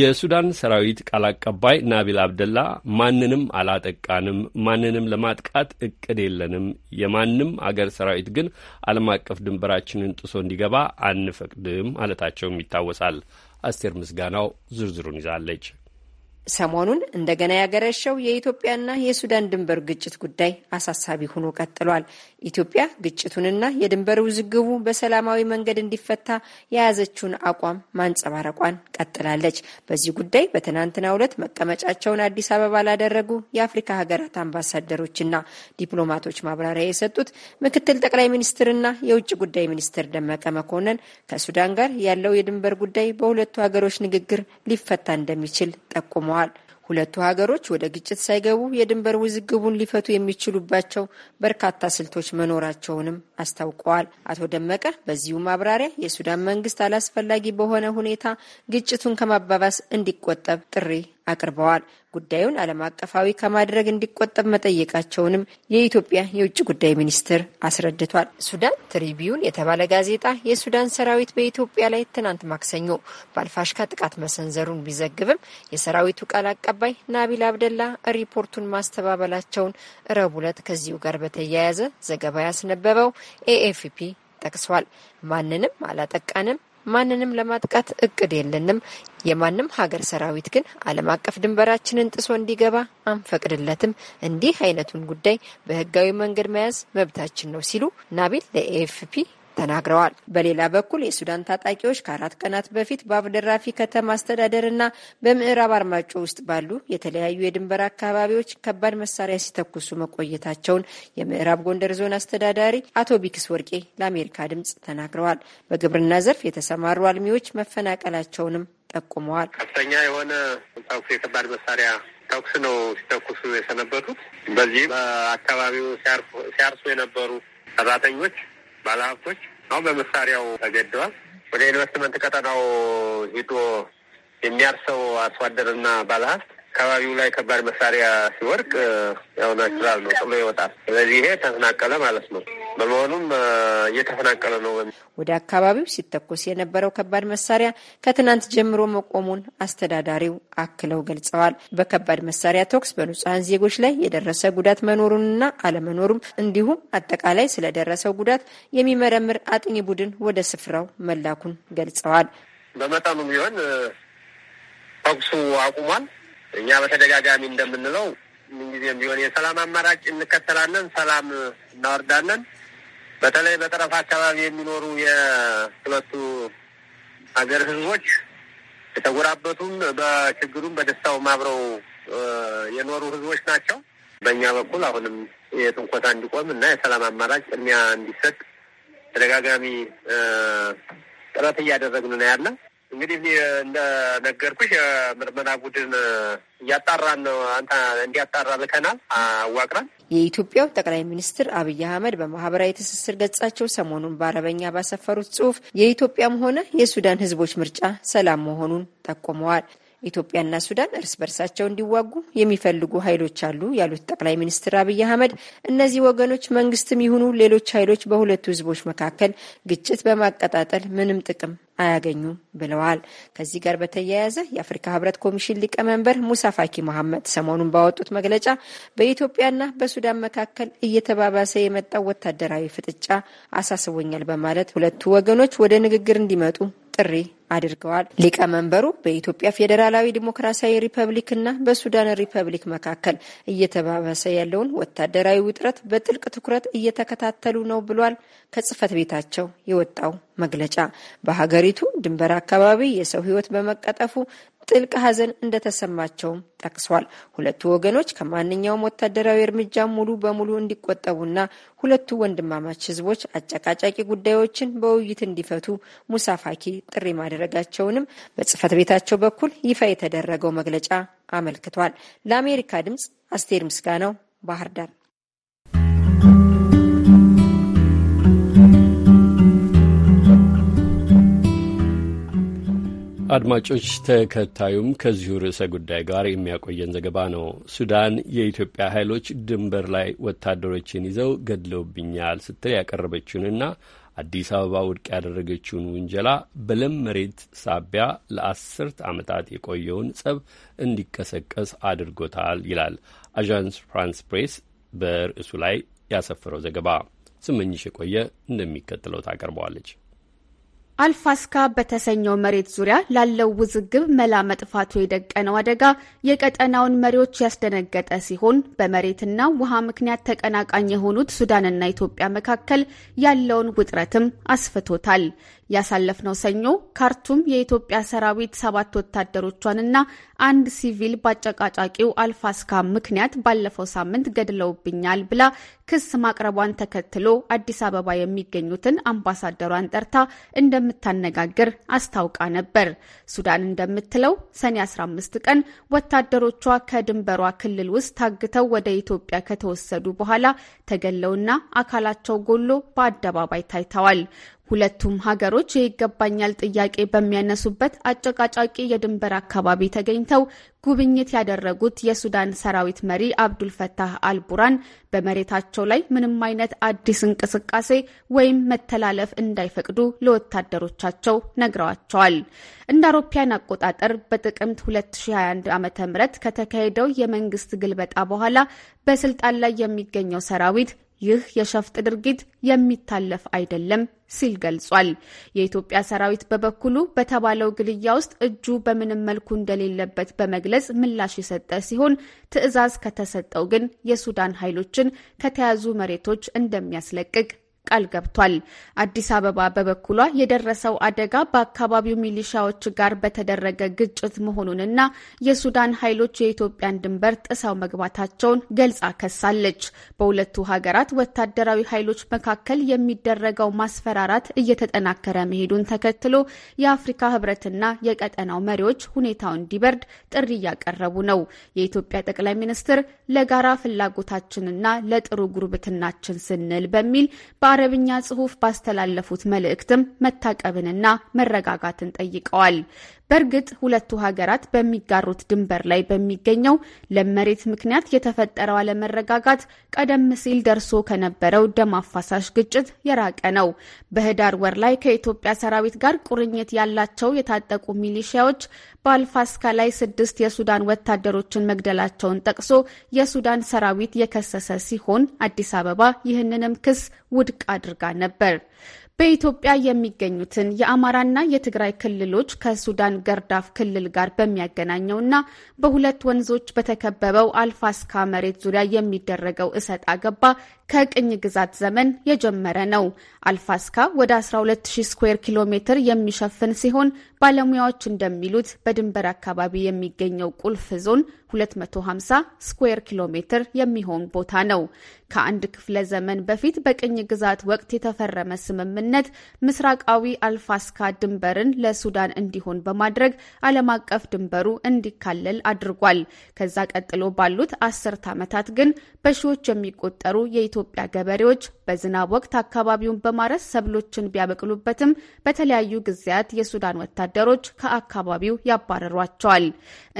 የሱዳን ሰራዊት ቃል አቀባይ ናቢል አብደላ ማንንም አላጠቃንም፣ ማንንም ለማጥቃት እቅድ የለንም፣ የማንም አገር ሰራዊት ግን ዓለም አቀፍ ድንበራችንን ጥሶ እንዲገባ አንፈቅድም ማለታቸውም ይታወሳል። አስቴር ምስጋናው ዝርዝሩን ይዛለች። ሰሞኑን እንደገና ያገረሸው የኢትዮጵያና የሱዳን ድንበር ግጭት ጉዳይ አሳሳቢ ሆኖ ቀጥሏል። ኢትዮጵያ ግጭቱንና የድንበር ውዝግቡ በሰላማዊ መንገድ እንዲፈታ የያዘችውን አቋም ማንጸባረቋን ቀጥላለች። በዚህ ጉዳይ በትናንትናው ዕለት መቀመጫቸውን አዲስ አበባ ላደረጉ የአፍሪካ ሀገራት አምባሳደሮችና ዲፕሎማቶች ማብራሪያ የሰጡት ምክትል ጠቅላይ ሚኒስትርና የውጭ ጉዳይ ሚኒስትር ደመቀ መኮንን ከሱዳን ጋር ያለው የድንበር ጉዳይ በሁለቱ ሀገሮች ንግግር ሊፈታ እንደሚችል ጠቁሟል። ፈርመዋል። ሁለቱ ሀገሮች ወደ ግጭት ሳይገቡ የድንበር ውዝግቡን ሊፈቱ የሚችሉባቸው በርካታ ስልቶች መኖራቸውንም አስታውቀዋል። አቶ ደመቀ በዚሁ ማብራሪያ የሱዳን መንግስት አላስፈላጊ በሆነ ሁኔታ ግጭቱን ከማባባስ እንዲቆጠብ ጥሪ አቅርበዋል። ጉዳዩን ዓለም አቀፋዊ ከማድረግ እንዲቆጠብ መጠየቃቸውንም የኢትዮጵያ የውጭ ጉዳይ ሚኒስትር አስረድቷል። ሱዳን ትሪቢዩን የተባለ ጋዜጣ የሱዳን ሰራዊት በኢትዮጵያ ላይ ትናንት ማክሰኞ በአልፋሽካ ጥቃት መሰንዘሩን ቢዘግብም የሰራዊቱ ቃል አቀባይ ናቢል አብደላ ሪፖርቱን ማስተባበላቸውን ረቡዕ ዕለት ከዚሁ ጋር በተያያዘ ዘገባ ያስነበበው ኤኤፍፒ ጠቅሷል። ማንንም አላጠቃንም ማንንም ለማጥቃት እቅድ የለንም። የማንም ሀገር ሰራዊት ግን ዓለም አቀፍ ድንበራችንን ጥሶ እንዲገባ አንፈቅድለትም። እንዲህ አይነቱን ጉዳይ በህጋዊ መንገድ መያዝ መብታችን ነው ሲሉ ናቢል ለኤኤፍፒ ተናግረዋል። በሌላ በኩል የሱዳን ታጣቂዎች ከአራት ቀናት በፊት በአብደራፊ ከተማ አስተዳደር እና በምዕራብ አርማጮ ውስጥ ባሉ የተለያዩ የድንበር አካባቢዎች ከባድ መሳሪያ ሲተኩሱ መቆየታቸውን የምዕራብ ጎንደር ዞን አስተዳዳሪ አቶ ቢክስ ወርቄ ለአሜሪካ ድምጽ ተናግረዋል። በግብርና ዘርፍ የተሰማሩ አልሚዎች መፈናቀላቸውንም ጠቁመዋል። ከፍተኛ የሆነ ተኩስ የከባድ መሳሪያ ተኩስ ነው ሲተኩሱ የሰነበቱት። በዚህ በአካባቢው ሲያርሱ የነበሩ ሰራተኞች ባለሀብቶች አሁን በመሳሪያው ተገደዋል። ወደ ኢንቨስትመንት ቀጠናው ሂዶ የሚያርሰው አርሶ አደርና ባለሀብት አካባቢው ላይ ከባድ መሳሪያ ሲወርቅ ያው ናቹራል ነው ጥሎ ይወጣል። ስለዚህ ይሄ ተፈናቀለ ማለት ነው። በመሆኑም እየተፈናቀለ ነው። ወደ አካባቢው ሲተኮስ የነበረው ከባድ መሳሪያ ከትናንት ጀምሮ መቆሙን አስተዳዳሪው አክለው ገልጸዋል። በከባድ መሳሪያ ተኩስ በንጹሐን ዜጎች ላይ የደረሰ ጉዳት መኖሩንና አለመኖሩም እንዲሁም አጠቃላይ ስለደረሰው ጉዳት የሚመረምር አጥኚ ቡድን ወደ ስፍራው መላኩን ገልጸዋል። በመጠኑም ቢሆን ተኩሱ አቁሟል። እኛ በተደጋጋሚ እንደምንለው ምንጊዜም ቢሆን የሰላም አማራጭ እንከተላለን፣ ሰላም እናወርዳለን። በተለይ በጠረፍ አካባቢ የሚኖሩ የሁለቱ ሀገር ህዝቦች የተጎራበቱም በችግሩም በደስታውም አብረው የኖሩ ህዝቦች ናቸው። በእኛ በኩል አሁንም የትንኮሳ እንዲቆም እና የሰላም አማራጭ ቅድሚያ እንዲሰጥ ተደጋጋሚ ጥረት እያደረግን ነው ያለ እንግዲህ እንደነገርኩሽ የምርመራ ቡድን እያጣራን ነው። አንተ እንዲያጣራ ልከናል፣ አዋቅረን። የኢትዮጵያው ጠቅላይ ሚኒስትር አብይ አህመድ በማህበራዊ ትስስር ገጻቸው ሰሞኑን በአረበኛ ባሰፈሩት ጽሁፍ የኢትዮጵያም ሆነ የሱዳን ህዝቦች ምርጫ ሰላም መሆኑን ጠቁመዋል። ኢትዮጵያና ሱዳን እርስ በርሳቸው እንዲዋጉ የሚፈልጉ ኃይሎች አሉ ያሉት ጠቅላይ ሚኒስትር አብይ አህመድ እነዚህ ወገኖች መንግስትም ይሁኑ ሌሎች ኃይሎች በሁለቱ ህዝቦች መካከል ግጭት በማቀጣጠል ምንም ጥቅም አያገኙም ብለዋል። ከዚህ ጋር በተያያዘ የአፍሪካ ህብረት ኮሚሽን ሊቀመንበር ሙሳ ፋኪ መሐመድ ሰሞኑን ባወጡት መግለጫ በኢትዮጵያና በሱዳን መካከል እየተባባሰ የመጣው ወታደራዊ ፍጥጫ አሳስቦኛል በማለት ሁለቱ ወገኖች ወደ ንግግር እንዲመጡ ጥሪ አድርገዋል። ሊቀመንበሩ በኢትዮጵያ ፌዴራላዊ ዲሞክራሲያዊ ሪፐብሊክና በሱዳን ሪፐብሊክ መካከል እየተባባሰ ያለውን ወታደራዊ ውጥረት በጥልቅ ትኩረት እየተከታተሉ ነው ብሏል። ከጽህፈት ቤታቸው የወጣው መግለጫ በሀገሪቱ ድንበር አካባቢ የሰው ሕይወት በመቀጠፉ ጥልቅ ሐዘን እንደተሰማቸውም ጠቅሷል። ሁለቱ ወገኖች ከማንኛውም ወታደራዊ እርምጃ ሙሉ በሙሉ እንዲቆጠቡና ሁለቱ ወንድማማች ህዝቦች አጨቃጫቂ ጉዳዮችን በውይይት እንዲፈቱ ሙሳ ፋኪ ጥሪ ማድረጋቸውንም በጽህፈት ቤታቸው በኩል ይፋ የተደረገው መግለጫ አመልክቷል። ለአሜሪካ ድምጽ አስቴር ምስጋናው ባህር ዳር አድማጮች ተከታዩም ከዚሁ ርዕሰ ጉዳይ ጋር የሚያቆየን ዘገባ ነው። ሱዳን የኢትዮጵያ ኃይሎች ድንበር ላይ ወታደሮችን ይዘው ገድለውብኛል ስትል ያቀረበችውንና አዲስ አበባ ውድቅ ያደረገችውን ውንጀላ በለም መሬት ሳቢያ ለአስርት ዓመታት የቆየውን ጸብ እንዲቀሰቀስ አድርጎታል ይላል አዣንስ ፍራንስ ፕሬስ በርዕሱ ላይ ያሰፈረው ዘገባ። ስመኝሽ የቆየ እንደሚከተለው ታቀርበዋለች። አልፋስካ በተሰኘው መሬት ዙሪያ ላለው ውዝግብ መላ መጥፋቱ የደቀነው አደጋ የቀጠናውን መሪዎች ያስደነገጠ ሲሆን በመሬትና ውሃ ምክንያት ተቀናቃኝ የሆኑት ሱዳንና ኢትዮጵያ መካከል ያለውን ውጥረትም አስፍቶታል። ያሳለፍነው ሰኞ ካርቱም የኢትዮጵያ ሰራዊት ሰባት ወታደሮቿንና አንድ ሲቪል በአጨቃጫቂው አልፋስካ ምክንያት ባለፈው ሳምንት ገድለውብኛል ብላ ክስ ማቅረቧን ተከትሎ አዲስ አበባ የሚገኙትን አምባሳደሯን ጠርታ እንደምታነጋግር አስታውቃ ነበር። ሱዳን እንደምትለው ሰኔ 15 ቀን ወታደሮቿ ከድንበሯ ክልል ውስጥ ታግተው ወደ ኢትዮጵያ ከተወሰዱ በኋላ ተገለውና አካላቸው ጎሎ በአደባባይ ታይተዋል። ሁለቱም ሀገሮች የይገባኛል ጥያቄ በሚያነሱበት አጨቃጫቂ የድንበር አካባቢ ተገኝተው ጉብኝት ያደረጉት የሱዳን ሰራዊት መሪ አብዱልፈታህ አልቡራን በመሬታቸው ላይ ምንም አይነት አዲስ እንቅስቃሴ ወይም መተላለፍ እንዳይፈቅዱ ለወታደሮቻቸው ነግረዋቸዋል። እንደ አውሮፓያን አቆጣጠር በጥቅምት 2021 ዓ ም ከተካሄደው የመንግስት ግልበጣ በኋላ በስልጣን ላይ የሚገኘው ሰራዊት ይህ የሸፍጥ ድርጊት የሚታለፍ አይደለም ሲል ገልጿል። የኢትዮጵያ ሰራዊት በበኩሉ በተባለው ግድያ ውስጥ እጁ በምንም መልኩ እንደሌለበት በመግለጽ ምላሽ የሰጠ ሲሆን ትዕዛዝ ከተሰጠው ግን የሱዳን ኃይሎችን ከተያዙ መሬቶች እንደሚያስለቅቅ ቃል ገብቷል። አዲስ አበባ በበኩሏ የደረሰው አደጋ በአካባቢው ሚሊሻዎች ጋር በተደረገ ግጭት መሆኑንና የሱዳን ኃይሎች የኢትዮጵያን ድንበር ጥሰው መግባታቸውን ገልጻ ከሳለች። በሁለቱ ሀገራት ወታደራዊ ኃይሎች መካከል የሚደረገው ማስፈራራት እየተጠናከረ መሄዱን ተከትሎ የአፍሪካ ህብረትና የቀጠናው መሪዎች ሁኔታው እንዲበርድ ጥሪ እያቀረቡ ነው። የኢትዮጵያ ጠቅላይ ሚኒስትር ለጋራ ፍላጎታችንና ለጥሩ ጉርብትናችን ስንል በሚል በ በአረብኛ ጽሑፍ ባስተላለፉት መልእክትም መታቀብንና መረጋጋትን ጠይቀዋል። በእርግጥ ሁለቱ ሀገራት በሚጋሩት ድንበር ላይ በሚገኘው ለመሬት ምክንያት የተፈጠረው አለመረጋጋት ቀደም ሲል ደርሶ ከነበረው ደም አፋሳሽ ግጭት የራቀ ነው። በህዳር ወር ላይ ከኢትዮጵያ ሰራዊት ጋር ቁርኝት ያላቸው የታጠቁ ሚሊሺያዎች በአልፋስካ ላይ ስድስት የሱዳን ወታደሮችን መግደላቸውን ጠቅሶ የሱዳን ሰራዊት የከሰሰ ሲሆን አዲስ አበባ ይህንንም ክስ ውድቅ አድርጋ ነበር። በኢትዮጵያ የሚገኙትን የአማራና የትግራይ ክልሎች ከሱዳን ገርዳፍ ክልል ጋር በሚያገናኘውና በሁለት ወንዞች በተከበበው አልፋስካ መሬት ዙሪያ የሚደረገው እሰጥ አገባ ከቅኝ ግዛት ዘመን የጀመረ ነው። አልፋስካ ወደ 120 ስኩዌር ኪሎ ሜትር የሚሸፍን ሲሆን ባለሙያዎች እንደሚሉት በድንበር አካባቢ የሚገኘው ቁልፍ ዞን 250 ስኩዌር ኪሎ ሜትር የሚሆን ቦታ ነው። ከአንድ ክፍለ ዘመን በፊት በቅኝ ግዛት ወቅት የተፈረመ ስምምነት ምስራቃዊ አልፋስካ ድንበርን ለሱዳን እንዲሆን በማድረግ ዓለም አቀፍ ድንበሩ እንዲካለል አድርጓል። ከዛ ቀጥሎ ባሉት አስርት ዓመታት ግን በሺዎች የሚቆጠሩ የኢትዮ የኢትዮጵያ ገበሬዎች በዝናብ ወቅት አካባቢውን በማረስ ሰብሎችን ቢያበቅሉበትም በተለያዩ ጊዜያት የሱዳን ወታደሮች ከአካባቢው ያባረሯቸዋል።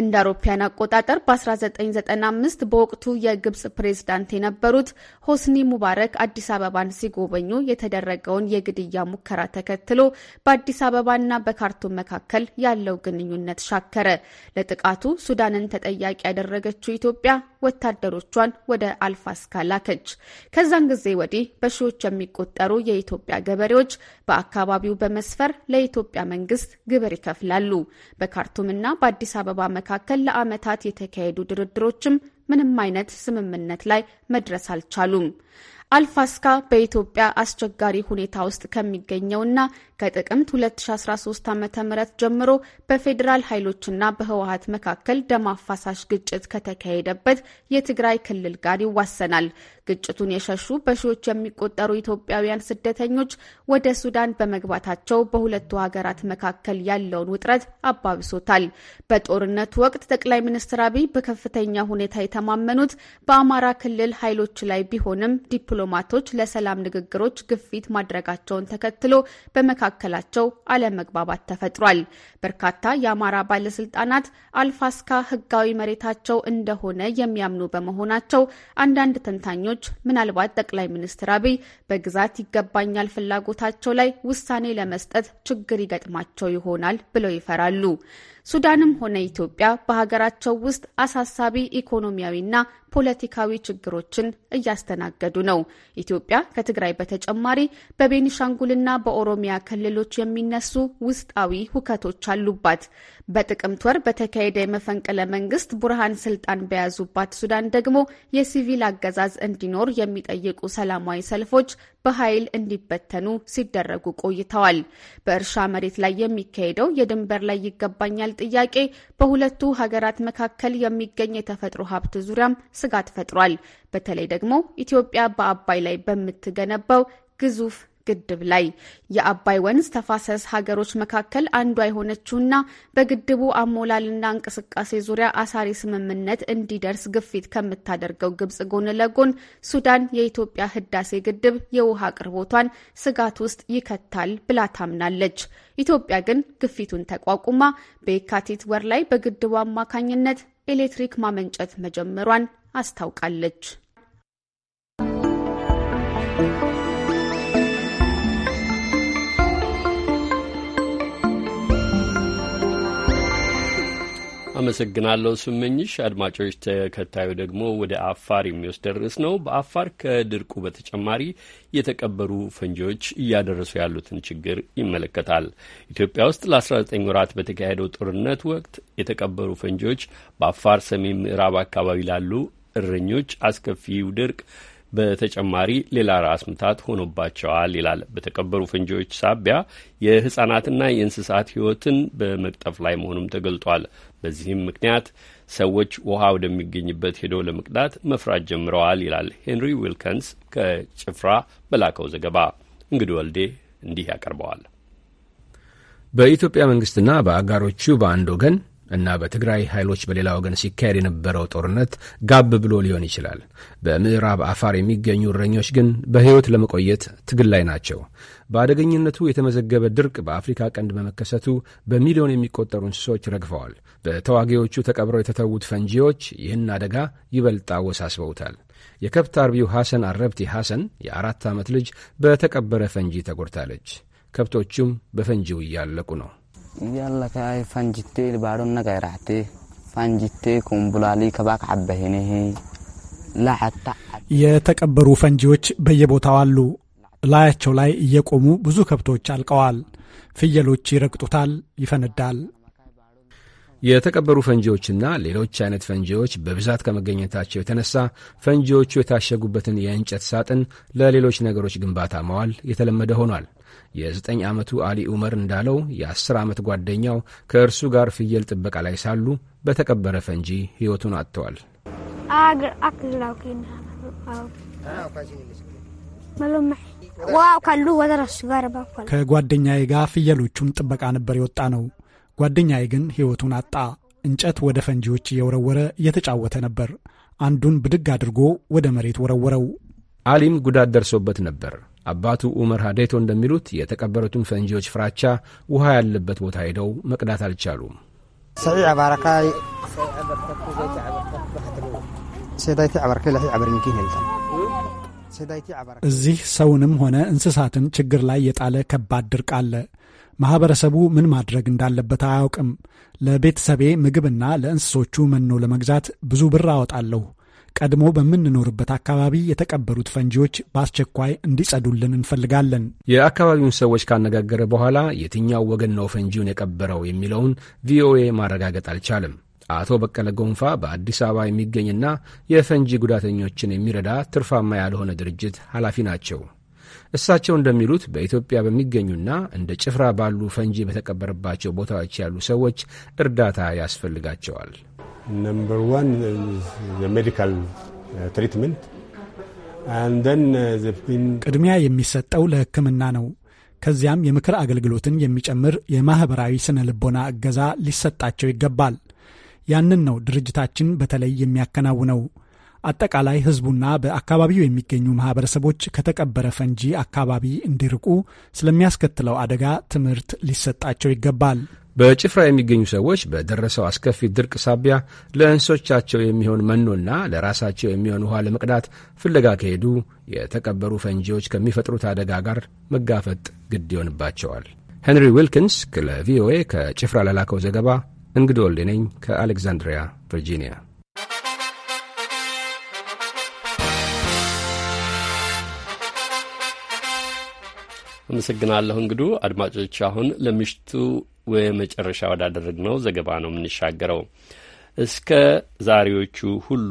እንደ አውሮፓውያን አቆጣጠር በ1995 በወቅቱ የግብጽ ፕሬዝዳንት የነበሩት ሆስኒ ሙባረክ አዲስ አበባን ሲጎበኙ የተደረገውን የግድያ ሙከራ ተከትሎ በአዲስ አበባና በካርቱም መካከል ያለው ግንኙነት ሻከረ። ለጥቃቱ ሱዳንን ተጠያቂ ያደረገችው ኢትዮጵያ ወታደሮቿን ወደ አልፋስካ ላከች። ከዛን ጊዜ ወዲህ በሺዎች የሚቆጠሩ የኢትዮጵያ ገበሬዎች በአካባቢው በመስፈር ለኢትዮጵያ መንግስት ግብር ይከፍላሉ። በካርቱምና በአዲስ አበባ መካከል ለአመታት የተካሄዱ ድርድሮችም ምንም አይነት ስምምነት ላይ መድረስ አልቻሉም። አልፋስካ በኢትዮጵያ አስቸጋሪ ሁኔታ ውስጥ ከሚገኘውና ከጥቅምት 2013 ዓ ም ጀምሮ በፌዴራል ኃይሎችና በህወሀት መካከል ደም አፋሳሽ ግጭት ከተካሄደበት የትግራይ ክልል ጋር ይዋሰናል። ግጭቱን የሸሹ በሺዎች የሚቆጠሩ ኢትዮጵያውያን ስደተኞች ወደ ሱዳን በመግባታቸው በሁለቱ ሀገራት መካከል ያለውን ውጥረት አባብሶታል። በጦርነቱ ወቅት ጠቅላይ ሚኒስትር አብይ በከፍተኛ ሁኔታ የተማመኑት በአማራ ክልል ኃይሎች ላይ ቢሆንም ዲፕሎማቶች ለሰላም ንግግሮች ግፊት ማድረጋቸውን ተከትሎ በመካከላቸው አለመግባባት ተፈጥሯል። በርካታ የአማራ ባለስልጣናት አልፋስካ ህጋዊ መሬታቸው እንደሆነ የሚያምኑ በመሆናቸው አንዳንድ ተንታኞች ተንታኞች ምናልባት ጠቅላይ ሚኒስትር አብይ በግዛት ይገባኛል ፍላጎታቸው ላይ ውሳኔ ለመስጠት ችግር ይገጥማቸው ይሆናል ብለው ይፈራሉ። ሱዳንም ሆነ ኢትዮጵያ በሀገራቸው ውስጥ አሳሳቢ ኢኮኖሚያዊና ፖለቲካዊ ችግሮችን እያስተናገዱ ነው። ኢትዮጵያ ከትግራይ በተጨማሪ በቤኒሻንጉልና በኦሮሚያ ክልሎች የሚነሱ ውስጣዊ ሁከቶች አሉባት። በጥቅምት ወር በተካሄደ የመፈንቅለ መንግስት ቡርሃን ስልጣን በያዙባት ሱዳን ደግሞ የሲቪል አገዛዝ እንዲኖር የሚጠይቁ ሰላማዊ ሰልፎች በኃይል እንዲበተኑ ሲደረጉ ቆይተዋል። በእርሻ መሬት ላይ የሚካሄደው የድንበር ላይ ይገባኛል ጥያቄ በሁለቱ ሀገራት መካከል የሚገኝ የተፈጥሮ ሀብት ዙሪያም ስጋት ፈጥሯል። በተለይ ደግሞ ኢትዮጵያ በአባይ ላይ በምትገነባው ግዙፍ ግድብ ላይ የአባይ ወንዝ ተፋሰስ ሀገሮች መካከል አንዷ የሆነችውና በግድቡ አሞላልና እንቅስቃሴ ዙሪያ አሳሪ ስምምነት እንዲደርስ ግፊት ከምታደርገው ግብጽ ጎን ለጎን ሱዳን የኢትዮጵያ ህዳሴ ግድብ የውሃ አቅርቦቷን ስጋት ውስጥ ይከታል ብላ ታምናለች። ኢትዮጵያ ግን ግፊቱን ተቋቁማ በየካቲት ወር ላይ በግድቡ አማካኝነት ኤሌክትሪክ ማመንጨት መጀመሯን አስታውቃለች። አመሰግናለሁ ስመኝሽ። አድማጮች፣ ተከታዩ ደግሞ ወደ አፋር የሚወስድ ርዕስ ነው። በአፋር ከድርቁ በተጨማሪ የተቀበሩ ፈንጂዎች እያደረሱ ያሉትን ችግር ይመለከታል። ኢትዮጵያ ውስጥ ለ19 ወራት በተካሄደው ጦርነት ወቅት የተቀበሩ ፈንጂዎች በአፋር ሰሜን ምዕራብ አካባቢ ላሉ እረኞች አስከፊው ድርቅ በተጨማሪ ሌላ ራስ ምታት ሆኖባቸዋል ይላል። በተቀበሩ ፈንጂዎች ሳቢያ የህጻናትና የእንስሳት ህይወትን በመቅጠፍ ላይ መሆኑም ተገልጧል። በዚህም ምክንያት ሰዎች ውሃ ወደሚገኝበት ሄዶ ለመቅዳት መፍራት ጀምረዋል ይላል ሄንሪ ዊልከንስ ከጭፍራ በላከው ዘገባ። እንግዲህ ወልዴ እንዲህ ያቀርበዋል። በኢትዮጵያ መንግስትና በአጋሮቹ በአንድ ወገን እና በትግራይ ኃይሎች በሌላ ወገን ሲካሄድ የነበረው ጦርነት ጋብ ብሎ ሊሆን ይችላል። በምዕራብ አፋር የሚገኙ እረኞች ግን በሕይወት ለመቆየት ትግል ላይ ናቸው። በአደገኝነቱ የተመዘገበ ድርቅ በአፍሪካ ቀንድ በመከሰቱ በሚሊዮን የሚቆጠሩ እንስሶች ረግፈዋል። በተዋጊዎቹ ተቀብረው የተተዉት ፈንጂዎች ይህን አደጋ ይበልጥ አወሳስበውታል። የከብት አርቢው ሐሰን አረብቲ ሐሰን የአራት ዓመት ልጅ በተቀበረ ፈንጂ ተጎድታለች። ከብቶቹም በፈንጂው እያለቁ ነው። እያለካይ ፈንጅቴ ልባዶና ቀይራሕቴ ፈንጅቴ ኩምቡላሊ ከባክ ዓበሄኔሄ የተቀበሩ ፈንጂዎች በየቦታው አሉ። እላያቸው ላይ እየቆሙ ብዙ ከብቶች አልቀዋል። ፍየሎች ይረግጡታል፣ ይፈነዳል። የተቀበሩ ፈንጂዎችና ሌሎች አይነት ፈንጂዎች በብዛት ከመገኘታቸው የተነሳ ፈንጂዎቹ የታሸጉበትን የእንጨት ሳጥን ለሌሎች ነገሮች ግንባታ መዋል የተለመደ ሆኗል። የዘጠኝ ዓመቱ አሊ ኡመር እንዳለው የአስር ዓመት ጓደኛው ከእርሱ ጋር ፍየል ጥበቃ ላይ ሳሉ በተቀበረ ፈንጂ ሕይወቱን አጥተዋል። ከጓደኛዬ ጋር ፍየሎቹን ጥበቃ ነበር የወጣ ነው። ጓደኛዬ ግን ሕይወቱን አጣ። እንጨት ወደ ፈንጂዎች እየወረወረ እየተጫወተ ነበር። አንዱን ብድግ አድርጎ ወደ መሬት ወረወረው። አሊም ጉዳት ደርሶበት ነበር። አባቱ ኡመር ሀዴቶ እንደሚሉት የተቀበሩትን ፈንጂዎች ፍራቻ ውሃ ያለበት ቦታ ሄደው መቅዳት አልቻሉም። ሰዒ እዚህ ሰውንም ሆነ እንስሳትን ችግር ላይ የጣለ ከባድ ድርቅ አለ። ማህበረሰቡ ምን ማድረግ እንዳለበት አያውቅም። ለቤተሰቤ ምግብና ለእንስሶቹ መኖ ለመግዛት ብዙ ብር አወጣለሁ። ቀድሞ በምንኖርበት አካባቢ የተቀበሩት ፈንጂዎች በአስቸኳይ እንዲጸዱልን እንፈልጋለን። የአካባቢውን ሰዎች ካነጋገረ በኋላ የትኛው ወገን ነው ፈንጂውን የቀበረው የሚለውን ቪኦኤ ማረጋገጥ አልቻለም። አቶ በቀለ ጎንፋ በአዲስ አበባ የሚገኝና የፈንጂ ጉዳተኞችን የሚረዳ ትርፋማ ያልሆነ ድርጅት ኃላፊ ናቸው። እሳቸው እንደሚሉት በኢትዮጵያ በሚገኙና እንደ ጭፍራ ባሉ ፈንጂ በተቀበረባቸው ቦታዎች ያሉ ሰዎች እርዳታ ያስፈልጋቸዋል። ነምበር ዋን ሜዲካል ትሪትመንት ቅድሚያ የሚሰጠው ለሕክምና ነው። ከዚያም የምክር አገልግሎትን የሚጨምር የማኅበራዊ ስነ ልቦና እገዛ ሊሰጣቸው ይገባል። ያንን ነው ድርጅታችን በተለይ የሚያከናውነው። አጠቃላይ ህዝቡና በአካባቢው የሚገኙ ማህበረሰቦች ከተቀበረ ፈንጂ አካባቢ እንዲርቁ ስለሚያስከትለው አደጋ ትምህርት ሊሰጣቸው ይገባል። በጭፍራ የሚገኙ ሰዎች በደረሰው አስከፊ ድርቅ ሳቢያ ለእንስሶቻቸው የሚሆን መኖና ለራሳቸው የሚሆን ውኃ ለመቅዳት ፍለጋ ከሄዱ የተቀበሩ ፈንጂዎች ከሚፈጥሩት አደጋ ጋር መጋፈጥ ግድ ይሆንባቸዋል። ሄንሪ ዊልኪንስ ለቪኦኤ ከጭፍራ ለላከው ዘገባ እንግዶ ወልዴ ነኝ ከአሌክዛንድሪያ ቨርጂኒያ። አመሰግናለሁ እንግዱ። አድማጮች አሁን ለምሽቱ የመጨረሻ ወዳደረግነው ዘገባ ነው የምንሻገረው። እስከ ዛሬዎቹ ሁሉ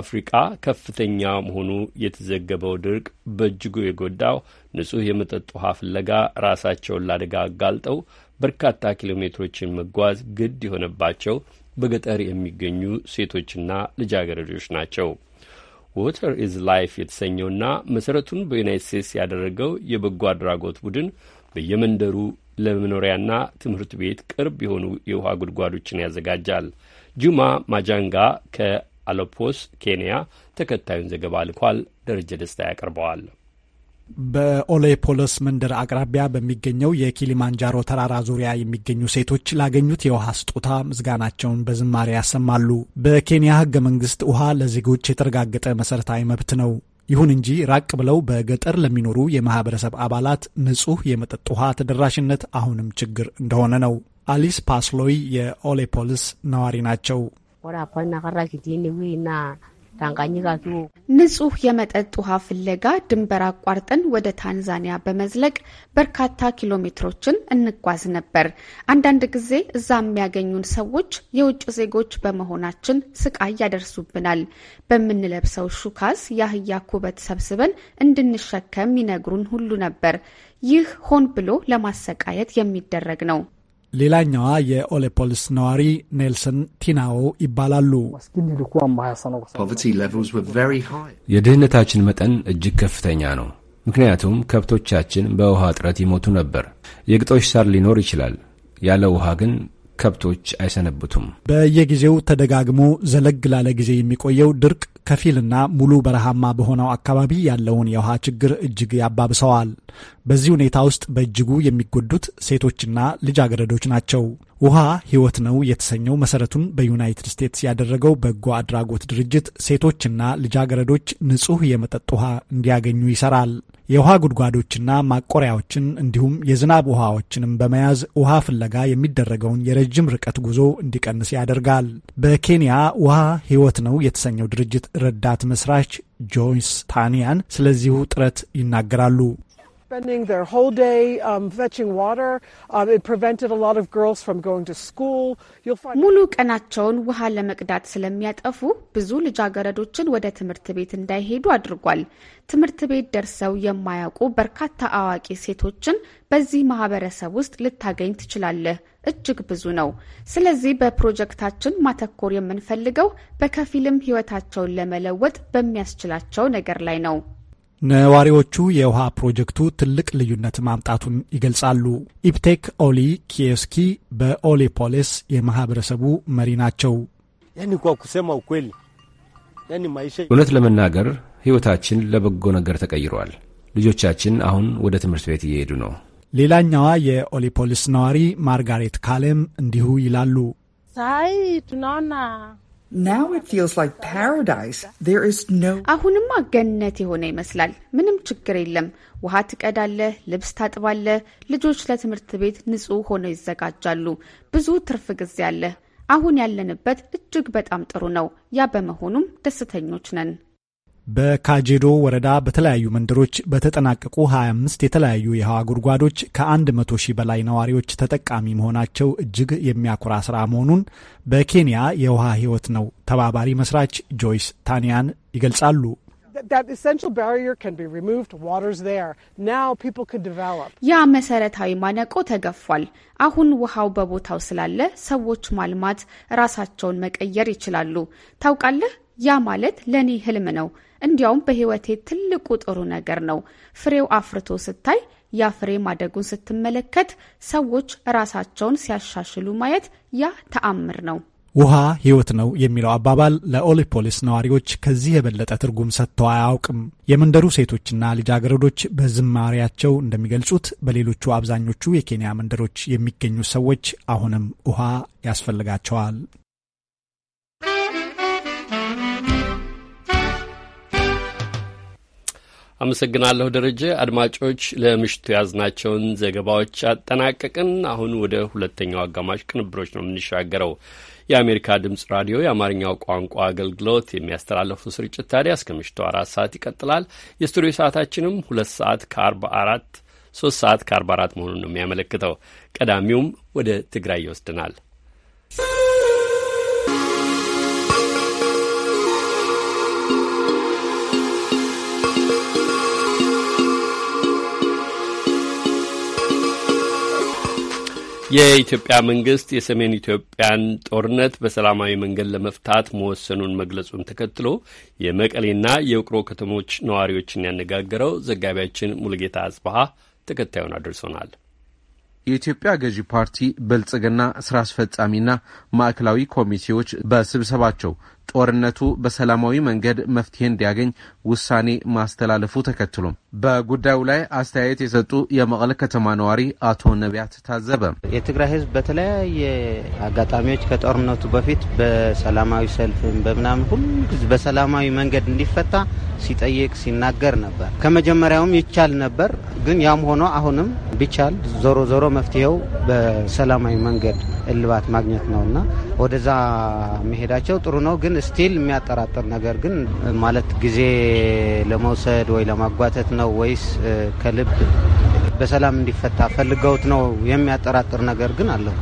አፍሪቃ ከፍተኛ መሆኑ የተዘገበው ድርቅ በእጅጉ የጎዳው ንጹህ የመጠጥ ውሃ ፍለጋ ራሳቸውን ላደጋ አጋልጠው በርካታ ኪሎ ሜትሮችን መጓዝ ግድ የሆነባቸው በገጠር የሚገኙ ሴቶችና ልጃገረዶች ናቸው። ወተር ኢዝ ላይፍ የተሰኘውና መሠረቱን በዩናይት ስቴትስ ያደረገው የበጎ አድራጎት ቡድን በየመንደሩ ለመኖሪያና ትምህርት ቤት ቅርብ የሆኑ የውሃ ጉድጓዶችን ያዘጋጃል። ጁማ ማጃንጋ ከአለፖስ ኬንያ ተከታዩን ዘገባ ልኳል። ደረጀ ደስታ ያቀርበዋል። በኦሌፖለስ መንደር አቅራቢያ በሚገኘው የኪሊማንጃሮ ተራራ ዙሪያ የሚገኙ ሴቶች ላገኙት የውሃ ስጦታ ምስጋናቸውን በዝማሬ ያሰማሉ። በኬንያ ህገ መንግስት ውሃ ለዜጎች የተረጋገጠ መሰረታዊ መብት ነው። ይሁን እንጂ ራቅ ብለው በገጠር ለሚኖሩ የማህበረሰብ አባላት ንጹህ የመጠጥ ውሃ ተደራሽነት አሁንም ችግር እንደሆነ ነው። አሊስ ፓስሎይ የኦሌፖልስ ነዋሪ ናቸው። ንጹህ የመጠጥ ውሃ ፍለጋ ድንበር አቋርጠን ወደ ታንዛኒያ በመዝለቅ በርካታ ኪሎ ሜትሮችን እንጓዝ ነበር። አንዳንድ ጊዜ እዛ የሚያገኙን ሰዎች የውጭ ዜጎች በመሆናችን ስቃይ ያደርሱብናል። በምንለብሰው ሹካስ የአህያ ኩበት ሰብስበን እንድንሸከም ይነግሩን ሁሉ ነበር። ይህ ሆን ብሎ ለማሰቃየት የሚደረግ ነው። ሌላኛዋ የኦሌፖልስ ነዋሪ ኔልሰን ቲናዎ ይባላሉ። የድህነታችን መጠን እጅግ ከፍተኛ ነው። ምክንያቱም ከብቶቻችን በውሃ እጥረት ይሞቱ ነበር። የግጦሽ ሳር ሊኖር ይችላል። ያለ ውሃ ግን ከብቶች አይሰነብቱም። በየጊዜው ተደጋግሞ ዘለግ ላለ ጊዜ የሚቆየው ድርቅ ከፊልና ሙሉ በረሃማ በሆነው አካባቢ ያለውን የውሃ ችግር እጅግ ያባብሰዋል። በዚህ ሁኔታ ውስጥ በእጅጉ የሚጎዱት ሴቶችና ልጃገረዶች ናቸው። ውሃ ህይወት ነው የተሰኘው መሰረቱን በዩናይትድ ስቴትስ ያደረገው በጎ አድራጎት ድርጅት ሴቶችና ልጃገረዶች ንጹህ የመጠጥ ውሃ እንዲያገኙ ይሰራል። የውሃ ጉድጓዶችና ማቆሪያዎችን እንዲሁም የዝናብ ውሃዎችንም በመያዝ ውሃ ፍለጋ የሚደረገውን የረጅም ርቀት ጉዞ እንዲቀንስ ያደርጋል። በኬንያ ውሃ ህይወት ነው የተሰኘው ድርጅት ረዳት መስራች ጆይስ ታኒያን ስለዚሁ ጥረት ይናገራሉ። spending their whole day um, fetching water. Um, it prevented a lot of girls from going to school. You'll find ሙሉ ቀናቸውን ውሃ ለመቅዳት ስለሚያጠፉ ብዙ ልጃገረዶችን ወደ ትምህርት ቤት እንዳይሄዱ አድርጓል። ትምህርት ቤት ደርሰው የማያውቁ በርካታ አዋቂ ሴቶችን በዚህ ማህበረሰብ ውስጥ ልታገኝ ትችላለህ። እጅግ ብዙ ነው። ስለዚህ በፕሮጀክታችን ማተኮር የምንፈልገው በከፊልም ህይወታቸውን ለመለወጥ በሚያስችላቸው ነገር ላይ ነው። ነዋሪዎቹ የውሃ ፕሮጀክቱ ትልቅ ልዩነት ማምጣቱን ይገልጻሉ። ኢፕቴክ ኦሊ ኪየስኪ በኦሊፖሊስ የማህበረሰቡ መሪ ናቸው። እውነት ለመናገር ሕይወታችን ለበጎ ነገር ተቀይሯል። ልጆቻችን አሁን ወደ ትምህርት ቤት እየሄዱ ነው። ሌላኛዋ የኦሊፖሊስ ነዋሪ ማርጋሬት ካሌም እንዲሁ ይላሉ። ሳይ አሁንማ ገነት የሆነ ይመስላል። ምንም ችግር የለም። ውሃ ትቀዳለ፣ ልብስ ታጥባለ፣ ልጆች ለትምህርት ቤት ንጹህ ሆነው ይዘጋጃሉ። ብዙ ትርፍ ጊዜ አለ። አሁን ያለንበት እጅግ በጣም ጥሩ ነው። ያ በመሆኑም ደስተኞች ነን። በካጄዶ ወረዳ በተለያዩ መንደሮች በተጠናቀቁ 25 የተለያዩ የውሃ ጉድጓዶች ከ100 ሺህ በላይ ነዋሪዎች ተጠቃሚ መሆናቸው እጅግ የሚያኮራ ስራ መሆኑን በኬንያ የውሃ ህይወት ነው ተባባሪ መስራች ጆይስ ታኒያን ይገልጻሉ። ያ መሰረታዊ ማነቆ ተገፏል። አሁን ውሃው በቦታው ስላለ ሰዎች ማልማት፣ ራሳቸውን መቀየር ይችላሉ። ታውቃለህ ያ ማለት ለእኔ ህልም ነው። እንዲያውም በህይወቴ ትልቁ ጥሩ ነገር ነው። ፍሬው አፍርቶ ስታይ፣ ያ ፍሬ ማደጉን ስትመለከት፣ ሰዎች ራሳቸውን ሲያሻሽሉ ማየት ያ ተአምር ነው። ውሃ ህይወት ነው የሚለው አባባል ለኦሊፖሊስ ነዋሪዎች ከዚህ የበለጠ ትርጉም ሰጥቶ አያውቅም። የመንደሩ ሴቶችና ልጃገረዶች በዝማሪያቸው እንደሚገልጹት በሌሎቹ አብዛኞቹ የኬንያ መንደሮች የሚገኙ ሰዎች አሁንም ውሃ ያስፈልጋቸዋል። አመሰግናለሁ ደረጀ። አድማጮች ለምሽቱ ያዝናቸውን ዘገባዎች አጠናቀቅን። አሁን ወደ ሁለተኛው አጋማሽ ቅንብሮች ነው የምንሻገረው። የአሜሪካ ድምጽ ራዲዮ የአማርኛው ቋንቋ አገልግሎት የሚያስተላልፈው ስርጭት ታዲያ እስከ ምሽቱ አራት ሰዓት ይቀጥላል። የስቱዲዮ ሰዓታችንም ሁለት ሰዓት ከአርባ አራት ሶስት ሰዓት ከአርባ አራት መሆኑን ነው የሚያመለክተው። ቀዳሚውም ወደ ትግራይ ይወስድናል። የኢትዮጵያ መንግስት የሰሜን ኢትዮጵያን ጦርነት በሰላማዊ መንገድ ለመፍታት መወሰኑን መግለጹን ተከትሎ የመቀሌና የውቅሮ ከተሞች ነዋሪዎችን ያነጋገረው ዘጋቢያችን ሙልጌታ አጽበሀ ተከታዩን አድርሶናል። የኢትዮጵያ ገዢ ፓርቲ ብልጽግና ስራ አስፈጻሚና ማዕከላዊ ኮሚቴዎች በስብሰባቸው ጦርነቱ በሰላማዊ መንገድ መፍትሄ እንዲያገኝ ውሳኔ ማስተላለፉ ተከትሎ በጉዳዩ ላይ አስተያየት የሰጡ የመቀለ ከተማ ነዋሪ አቶ ነቢያት ታዘበ የትግራይ ሕዝብ በተለያየ አጋጣሚዎች ከጦርነቱ በፊት በሰላማዊ ሰልፍም በምናምን ሁሉ ጊዜ በሰላማዊ መንገድ እንዲፈታ ሲጠይቅ ሲናገር ነበር። ከመጀመሪያውም ይቻል ነበር። ግን ያም ሆኖ አሁንም ቢቻል ዞሮ ዞሮ መፍትሄው በሰላማዊ መንገድ እልባት ማግኘት ነውና ወደዛ መሄዳቸው ጥሩ ነው ግን ስቲል የሚያጠራጥር ነገር ግን ማለት ጊዜ ለመውሰድ ወይ ለማጓተት ነው ወይስ ከልብ በሰላም እንዲፈታ ፈልገውት ነው የሚያጠራጥር ነገር ግን አለው።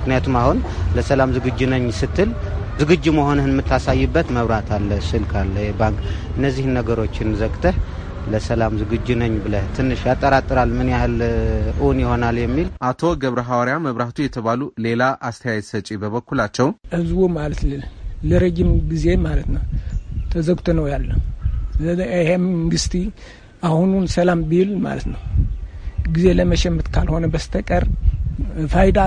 ምክንያቱም አሁን ለሰላም ዝግጁ ነኝ ስትል ዝግጁ መሆንህን የምታሳይበት መብራት አለ፣ ስልክ አለ፣ ባንክ እነዚህን ነገሮችን ዘግተህ ለሰላም ዝግጁ ነኝ ብለህ ትንሽ ያጠራጥራል ምን ያህል እውን ይሆናል የሚል። አቶ ገብረ ሐዋርያ መብራቱ የተባሉ ሌላ አስተያየት ሰጪ በበኩላቸው ህዝቡ ማለት ለረጅም ጊዜ ማለት ነው ተዘግቶ ነው ያለ። ይሄ መንግስት አሁኑን ሰላም ቢል ማለት ነው ጊዜ ለመሸመት ካልሆነ በስተቀር ፋይዳ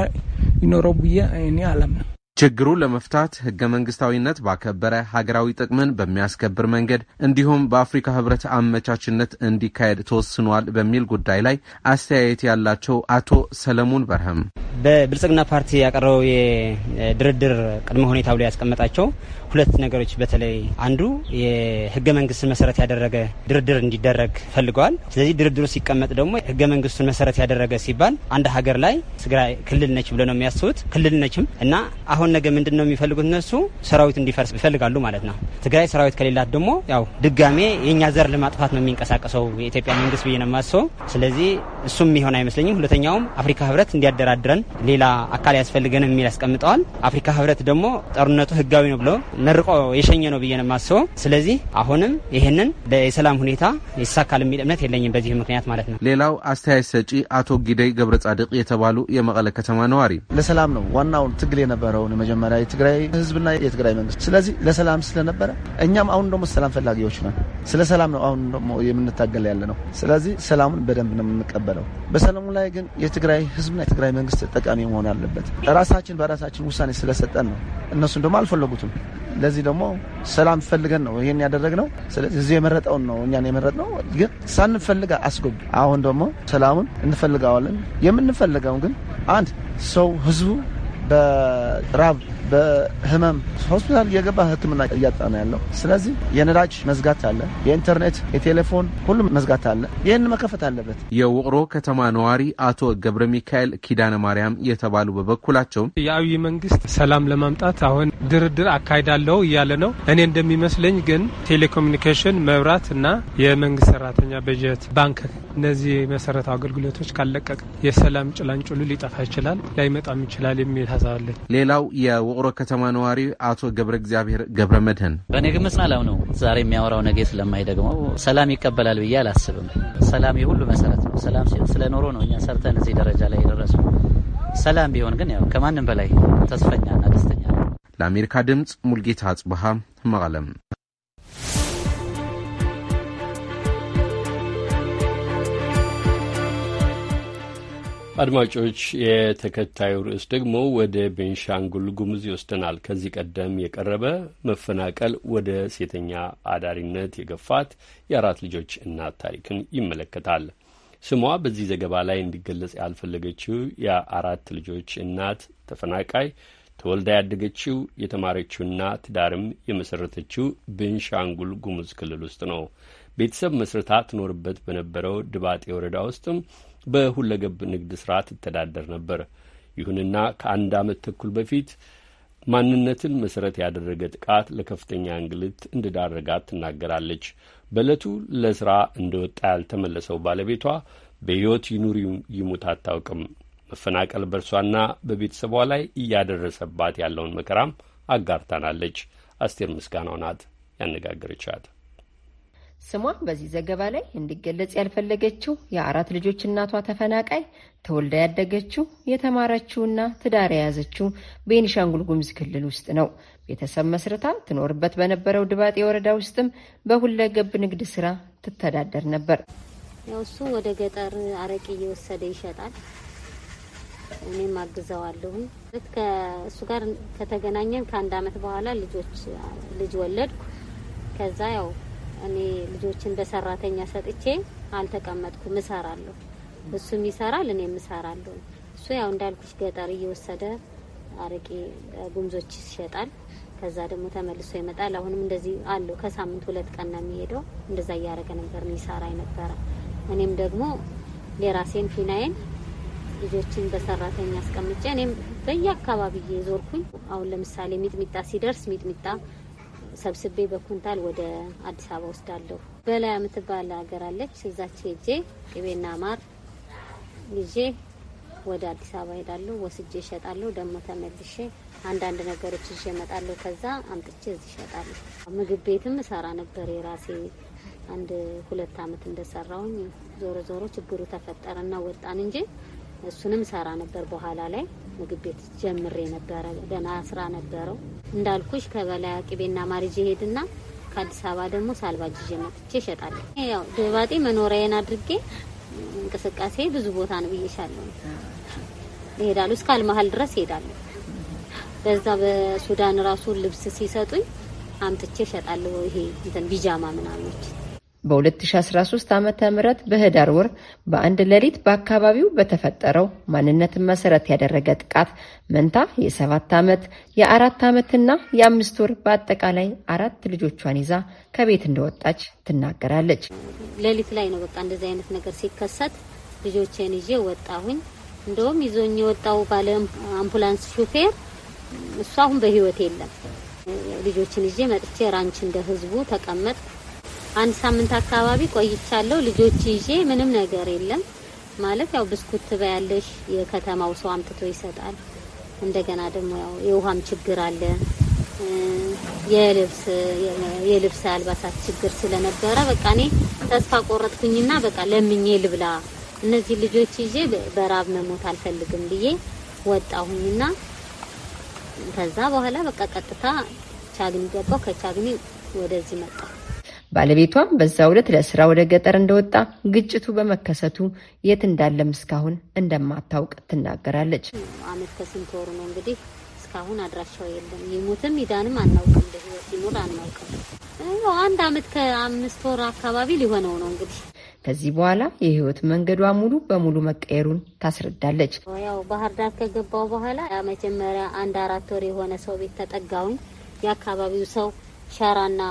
ይኖረው ብዬ እኔ አላምነው። ችግሩን ለመፍታት ህገ መንግስታዊነት ባከበረ ሀገራዊ ጥቅምን በሚያስከብር መንገድ እንዲሁም በአፍሪካ ህብረት አመቻችነት እንዲካሄድ ተወስኗል በሚል ጉዳይ ላይ አስተያየት ያላቸው አቶ ሰለሞን በርሃም በብልጽግና ፓርቲ ያቀረበው የድርድር ቅድመ ሁኔታ ብሎ ያስቀመጣቸው ሁለት ነገሮች በተለይ አንዱ የህገ መንግስትን መሰረት ያደረገ ድርድር እንዲደረግ ፈልገዋል። ስለዚህ ድርድሩ ሲቀመጥ ደግሞ ህገ መንግስቱን መሰረት ያደረገ ሲባል አንድ ሀገር ላይ ትግራይ ክልል ነች ብሎ ነው የሚያስቡት ክልል ነችም እና አሁን አሁን ነገ ምንድን ነው የሚፈልጉት እነሱ ሰራዊት እንዲፈርስ ይፈልጋሉ ማለት ነው። ትግራይ ሰራዊት ከሌላት ደግሞ ያው ድጋሜ የእኛ ዘር ለማጥፋት ነው የሚንቀሳቀሰው የኢትዮጵያ መንግስት ብዬ ነው የማስበው። ስለዚህ እሱም የሚሆን አይመስለኝም። ሁለተኛውም አፍሪካ ህብረት እንዲያደራድረን ሌላ አካል ያስፈልገን የሚል ያስቀምጠዋል። አፍሪካ ህብረት ደግሞ ጦርነቱ ህጋዊ ነው ብሎ መርቆ የሸኘ ነው ብዬ ነው የማስበው። ስለዚህ አሁንም ይህንን የሰላም ሁኔታ ይሳካል የሚል እምነት የለኝም በዚህ ምክንያት ማለት ነው። ሌላው አስተያየት ሰጪ አቶ ጊደይ ገብረ ጻድቅ የተባሉ የመቀለ ከተማ ነዋሪ ለሰላም ነው ዋናውን ትግል የነበረውን መጀመሪያ የትግራይ ህዝብና የትግራይ መንግስት። ስለዚህ ለሰላም ስለነበረ እኛም አሁን ደግሞ ሰላም ፈላጊዎች ነን። ስለ ሰላም ነው አሁን ደግሞ የምንታገል ያለ ነው። ስለዚህ ሰላሙን በደንብ ነው የምንቀበለው። በሰላሙ ላይ ግን የትግራይ ህዝብና የትግራይ መንግስት ጠቃሚ መሆን አለበት። ራሳችን በራሳችን ውሳኔ ስለሰጠን ነው። እነሱን ደግሞ አልፈለጉትም። ለዚህ ደግሞ ሰላም ፈልገን ነው ይሄን ያደረግነው። ስለዚህ ህዝብ የመረጠውን ነው እኛን የመረጥነው፣ ግን ሳንፈልግ አስገቡ። አሁን ደግሞ ሰላሙን እንፈልገዋለን። የምንፈልገው ግን አንድ ሰው ህዝቡ በራብ በህመም ሆስፒታል እየገባ ህክምና እያጣ ነው ያለው። ስለዚህ የነዳጅ መዝጋት አለ፣ የኢንተርኔት የቴሌፎን ሁሉም መዝጋት አለ። ይህን መከፈት አለበት። የውቅሮ ከተማ ነዋሪ አቶ ገብረ ሚካኤል ኪዳነ ማርያም የተባሉ በበኩላቸው የአብይ መንግስት ሰላም ለማምጣት አሁን ድርድር አካሂዳለሁ እያለ ነው። እኔ እንደሚመስለኝ ግን ቴሌኮሙኒኬሽን፣ መብራት እና የመንግስት ሰራተኛ በጀት ባንክ እነዚህ መሰረታዊ አገልግሎቶች ካለቀቅ የሰላም ጭላንጭሉ ሊጠፋ ይችላል፣ ላይመጣም ይችላል የሚል ሀሳብ ሌላው የውቅሮ ከተማ ነዋሪ አቶ ገብረ እግዚአብሔር ገብረ መድህን በእኔ ግምት አላም ነው ዛሬ የሚያወራው ነገ ስለማይደግመው ሰላም ይቀበላል ብዬ አላስብም። ሰላም የሁሉ መሰረት ነው። ሰላም ስለኖሮ ነው እኛ ሰርተን እዚህ ደረጃ ላይ የደረሱ። ሰላም ቢሆን ግን ያው ከማንም በላይ ተስፈኛና ደስተኛ። ለአሜሪካ ድምፅ ሙልጌታ አጽብሃ መቀለም አድማጮች የተከታዩ ርዕስ ደግሞ ወደ ቤንሻንጉል ጉሙዝ ይወስደናል። ከዚህ ቀደም የቀረበ መፈናቀል ወደ ሴተኛ አዳሪነት የገፋት የአራት ልጆች እናት ታሪክን ይመለከታል። ስሟ በዚህ ዘገባ ላይ እንዲገለጽ ያልፈለገችው የአራት ልጆች እናት ተፈናቃይ ተወልዳ ያደገችው የተማረችውና ትዳርም የመሰረተችው ቤንሻንጉል ጉሙዝ ክልል ውስጥ ነው። ቤተሰብ መስርታ ትኖርበት በነበረው ድባጤ ወረዳ ውስጥም በሁለገብ ንግድ ስራ ትተዳደር ነበር። ይሁንና ከአንድ አመት ተኩል በፊት ማንነትን መሰረት ያደረገ ጥቃት ለከፍተኛ እንግልት እንደዳረጋት ትናገራለች። በዕለቱ ለስራ እንደወጣ ያልተመለሰው ባለቤቷ በሕይወት ይኑር ይሙት አታውቅም። መፈናቀል በእርሷና በቤተሰቧ ላይ እያደረሰባት ያለውን መከራም አጋርታናለች። አስቴር ምስጋናው ናት ያነጋገረቻት። ስሟ በዚህ ዘገባ ላይ እንዲገለጽ ያልፈለገችው የአራት ልጆች እናቷ ተፈናቃይ ተወልዳ ያደገችው የተማረችውና ትዳር የያዘችው በቤኒሻንጉል ጉምዝ ክልል ውስጥ ነው። ቤተሰብ መስርታ ትኖርበት በነበረው ድባጤ ወረዳ ውስጥም በሁለገብ ንግድ ስራ ትተዳደር ነበር። ያው እሱም ወደ ገጠር አረቂ እየወሰደ ይሸጣል። እኔም አግዘዋለሁ። ከእሱ ጋር ከተገናኘን ከአንድ አመት በኋላ ልጆች ልጅ ወለድኩ። ከዛ ያው እኔ ልጆችን በሰራተኛ ሰጥቼ አልተቀመጥኩም፣ እሰራለሁ። እሱም ይሰራል፣ እኔም እሰራለሁ። እሱ ያው እንዳልኩሽ ገጠር እየወሰደ አረቄ ጉምዞች ይሸጣል። ከዛ ደግሞ ተመልሶ ይመጣል። አሁንም እንደዚህ አለው። ከሳምንት ሁለት ቀን ነው የሚሄደው። እንደዛ እያደረገ ነበር ይሰራ ነበረ። እኔም ደግሞ የራሴን ፊናዬን ልጆችን በሰራተኛ አስቀምጬ እኔም በየአካባቢ ዞርኩኝ። አሁን ለምሳሌ ሚጥሚጣ ሲደርስ ሚጥሚጣ ሰብስቤ በኩንታል ወደ አዲስ አበባ ወስዳለሁ። በላይ የምትባል ሀገር አለች። እዛች ሄጄ ቅቤና ማር ይዤ ወደ አዲስ አበባ ሄዳለሁ። ወስጄ ይሸጣለሁ። ደግሞ ተመልሼ አንዳንድ ነገሮች ይዤ እመጣለሁ። ከዛ አምጥቼ እዚህ ይሸጣለሁ። ምግብ ቤትም እሰራ ነበር የራሴ አንድ ሁለት አመት እንደሰራውኝ ዞሮ ዞሮ ችግሩ ተፈጠረና ወጣን እንጂ እሱንም ሰራ ነበር በኋላ ላይ ምግብ ቤት ጀምሬ ነበረ። ገና ስራ ነበረው እንዳልኩሽ ከበላይ ቅቤና ማር ሄድና ከአዲስ አበባ ደግሞ ሳልባጅ ይዤ መጥቼ እሸጣለሁ። ያው ደባጤ መኖሪያዬን አድርጌ እንቅስቃሴ ብዙ ቦታ ነው ብዬሻለሁ። ይሄዳሉ እስካል መሀል ድረስ ይሄዳሉ። በዛ በሱዳን ራሱ ልብስ ሲሰጡኝ አምጥቼ እሸጣለሁ። ይሄ እንትን ቢጃማ ምናምኖች በ2013 ዓ ም በህዳር ወር በአንድ ሌሊት በአካባቢው በተፈጠረው ማንነትን መሰረት ያደረገ ጥቃት መንታ የሰባት ዓመት የአራት ዓመትና የአምስት ወር በአጠቃላይ አራት ልጆቿን ይዛ ከቤት እንደወጣች ትናገራለች። ሌሊት ላይ ነው በቃ እንደዚህ አይነት ነገር ሲከሰት ልጆቼን ይዤ ወጣሁኝ። እንደውም ይዞኝ የወጣው ባለ አምቡላንስ ሹፌር እሱ አሁን በህይወት የለም። ልጆችን ይዤ መጥቼ ራንች እንደ ህዝቡ ተቀመጥኩ። አንድ ሳምንት አካባቢ ቆይቻለሁ። ልጆች ይዤ ምንም ነገር የለም ማለት ያው ብስኩት ትበያለሽ፣ የከተማው ሰው አምጥቶ ይሰጣል። እንደገና ደግሞ ያው የውሃም ችግር አለ፣ የልብስ የልብስ አልባሳት ችግር ስለነበረ በቃ እኔ ተስፋ ቆረጥኩኝና በቃ ለምኜ ልብላ፣ እነዚህ ልጆች ይዤ በራብ መሞት አልፈልግም ብዬ ወጣሁኝና ከዛ በኋላ በቃ ቀጥታ ቻግኒ ገባሁ። ከቻግኒ ወደዚህ መጣሁ። ባለቤቷም በዛው ዕለት ለስራ ወደ ገጠር እንደወጣ ግጭቱ በመከሰቱ የት እንዳለም እስካሁን እንደማታውቅ ትናገራለች። አመት ከስንት ወሩ ነው እንግዲህ እስካሁን አድራሻው የለም። ይሙትም ይዳንም አናውቅም። በህይወት ሲኖር አናውቅም። አንድ አመት ከአምስት ወር አካባቢ ሊሆነው ነው እንግዲህ ከዚህ በኋላ የህይወት መንገዷ ሙሉ በሙሉ መቀየሩን ታስረዳለች። ያው ባህር ዳር ከገባው በኋላ መጀመሪያ አንድ አራት ወር የሆነ ሰው ቤት ተጠጋውኝ። የአካባቢው ሰው ሸራና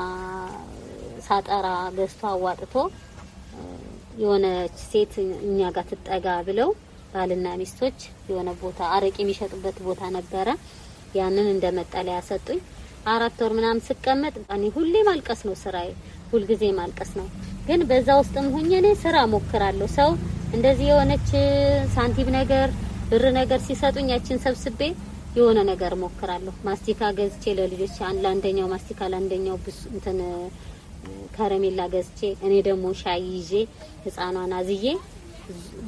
ሳጠራ ገዝቶ አዋጥቶ የሆነች ሴት እኛ ጋር ትጠጋ ብለው ባልና ሚስቶች የሆነ ቦታ አረቄ የሚሸጡበት ቦታ ነበረ። ያንን እንደ መጠለያ ሰጡኝ። አራት ወር ምናምን ስቀመጥ እኔ ሁሌ ማልቀስ ነው ስራዬ፣ ሁልጊዜ ማልቀስ ነው። ግን በዛ ውስጥም ሁኜ እኔ ስራ ሞክራለሁ። ሰው እንደዚህ የሆነች ሳንቲም ነገር ብር ነገር ሲሰጡኝ ያችን ሰብስቤ የሆነ ነገር ሞክራለሁ። ማስቲካ ገዝቼ ለልጆች ለአንደኛው ማስቲካ ለአንደኛው ብስ እንትን ከረሜላ ገዝቼ እኔ ደግሞ ሻይ ይዤ ህፃኗን አዝዬ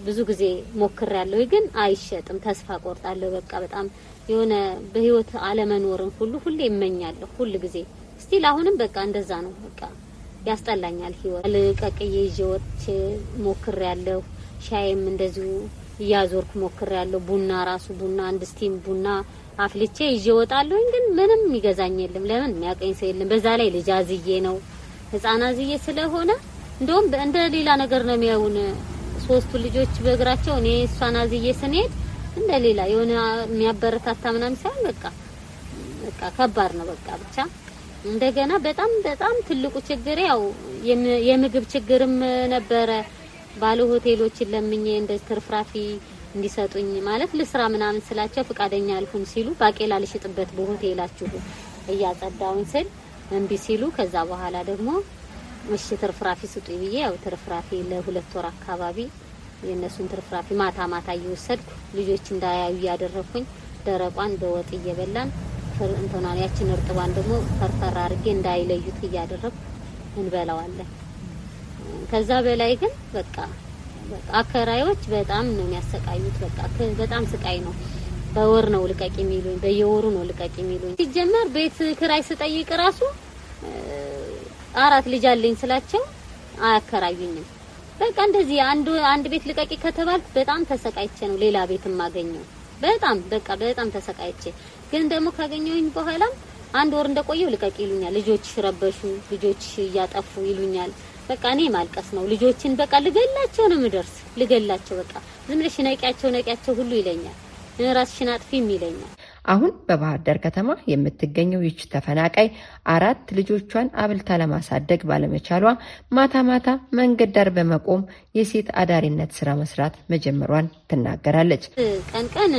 ብዙ ጊዜ ሞክሬያለሁ፣ ግን አይሸጥም። ተስፋ ቆርጣለሁ። በቃ በጣም የሆነ በህይወት አለመኖርን ሁሉ ሁሌ እመኛለሁ። ሁል ጊዜ ስቲል አሁንም በቃ እንደዛ ነው። በቃ ያስጠላኛል ህይወት። ልቀቅዬ ይዤ ወጥቼ ሞክሬያለሁ። ሻይም እንደዚሁ እያዞርኩ ሞክሬያለሁ። ቡና ራሱ ቡና አንድ ስቲም ቡና አፍልቼ ይዤ ወጣለሁ፣ ግን ምንም ይገዛኝ የለም። ለምን የሚያቀኝ ሰው የለም። በዛ ላይ ልጅ አዝዬ ነው ህጻናት ዝዬ ስለሆነ እንደውም እንደ ሌላ ነገር ነው የሚያዩን። ሶስቱ ልጆች በእግራቸው እኔ እሷን አዝዬ ስንሄድ እንደ ሌላ የሆነ የሚያበረታታ ምናምን ሳይሆን በቃ በቃ ከባድ ነው። በቃ ብቻ እንደገና በጣም በጣም ትልቁ ችግር ያው የምግብ ችግርም ነበረ። ባለ ሆቴሎችን ለምኜ እንደ ትርፍራፊ እንዲሰጡኝ ማለት ልስራ ምናምን ስላቸው ፈቃደኛ አልሆን ሲሉ ባቄላ ልሽጥበት በሆቴላችሁ እያጸዳውን ስል እምቢ ሲሉ ከዛ በኋላ ደግሞ እሺ ትርፍራፊ ስጡ ብዬ ያው ትርፍራፊ ለሁለት ወር አካባቢ የእነሱን ትርፍራፊ ማታ ማታ እየወሰድኩ ልጆች እንዳያዩ ያደረኩኝ ደረቋን በወጥ እየበላን እንትኗን ያችን እርጥቧን ደግሞ ፈርፈር አድርጌ እንዳይለዩት እያደረኩ እንበላዋለን። ከዛ በላይ ግን በቃ በቃ አከራዮች በጣም ነው የሚያሰቃዩት። በቃ በጣም ስቃይ ነው። በወር ነው ልቀቅ የሚሉኝ፣ በየወሩ ነው ልቀቅ የሚሉኝ። ሲጀመር ቤት ክራይ ስጠይቅ ራሱ አራት ልጅ አለኝ ስላቸው አያከራዩኝም። በቃ እንደዚህ አንድ አንድ ቤት ልቀቂ ከተባልኩ በጣም ተሰቃይቼ ነው ሌላ ቤት የማገኘው። በጣም በቃ በጣም ተሰቃይቼ ግን ደግሞ ካገኘሁኝ በኋላም አንድ ወር እንደቆየው ልቀቂ ይሉኛል። ልጆች ረበሹ፣ ልጆች እያጠፉ ይሉኛል። በቃ እኔ ማልቀስ ነው። ልጆችን በቃ ልገላቸው ነው ምደርስ ልገላቸው። በቃ ዝም ብለሽ ነቂያቸው ነቂያቸው ሁሉ ይለኛል። ራስሽን አጥፊ የሚለኛል። አሁን በባህር ዳር ከተማ የምትገኘው ይች ተፈናቃይ አራት ልጆቿን አብልታ ለማሳደግ ባለመቻሏ ማታ ማታ መንገድ ዳር በመቆም የሴት አዳሪነት ስራ መስራት መጀመሯን ትናገራለች። ቀን ቀን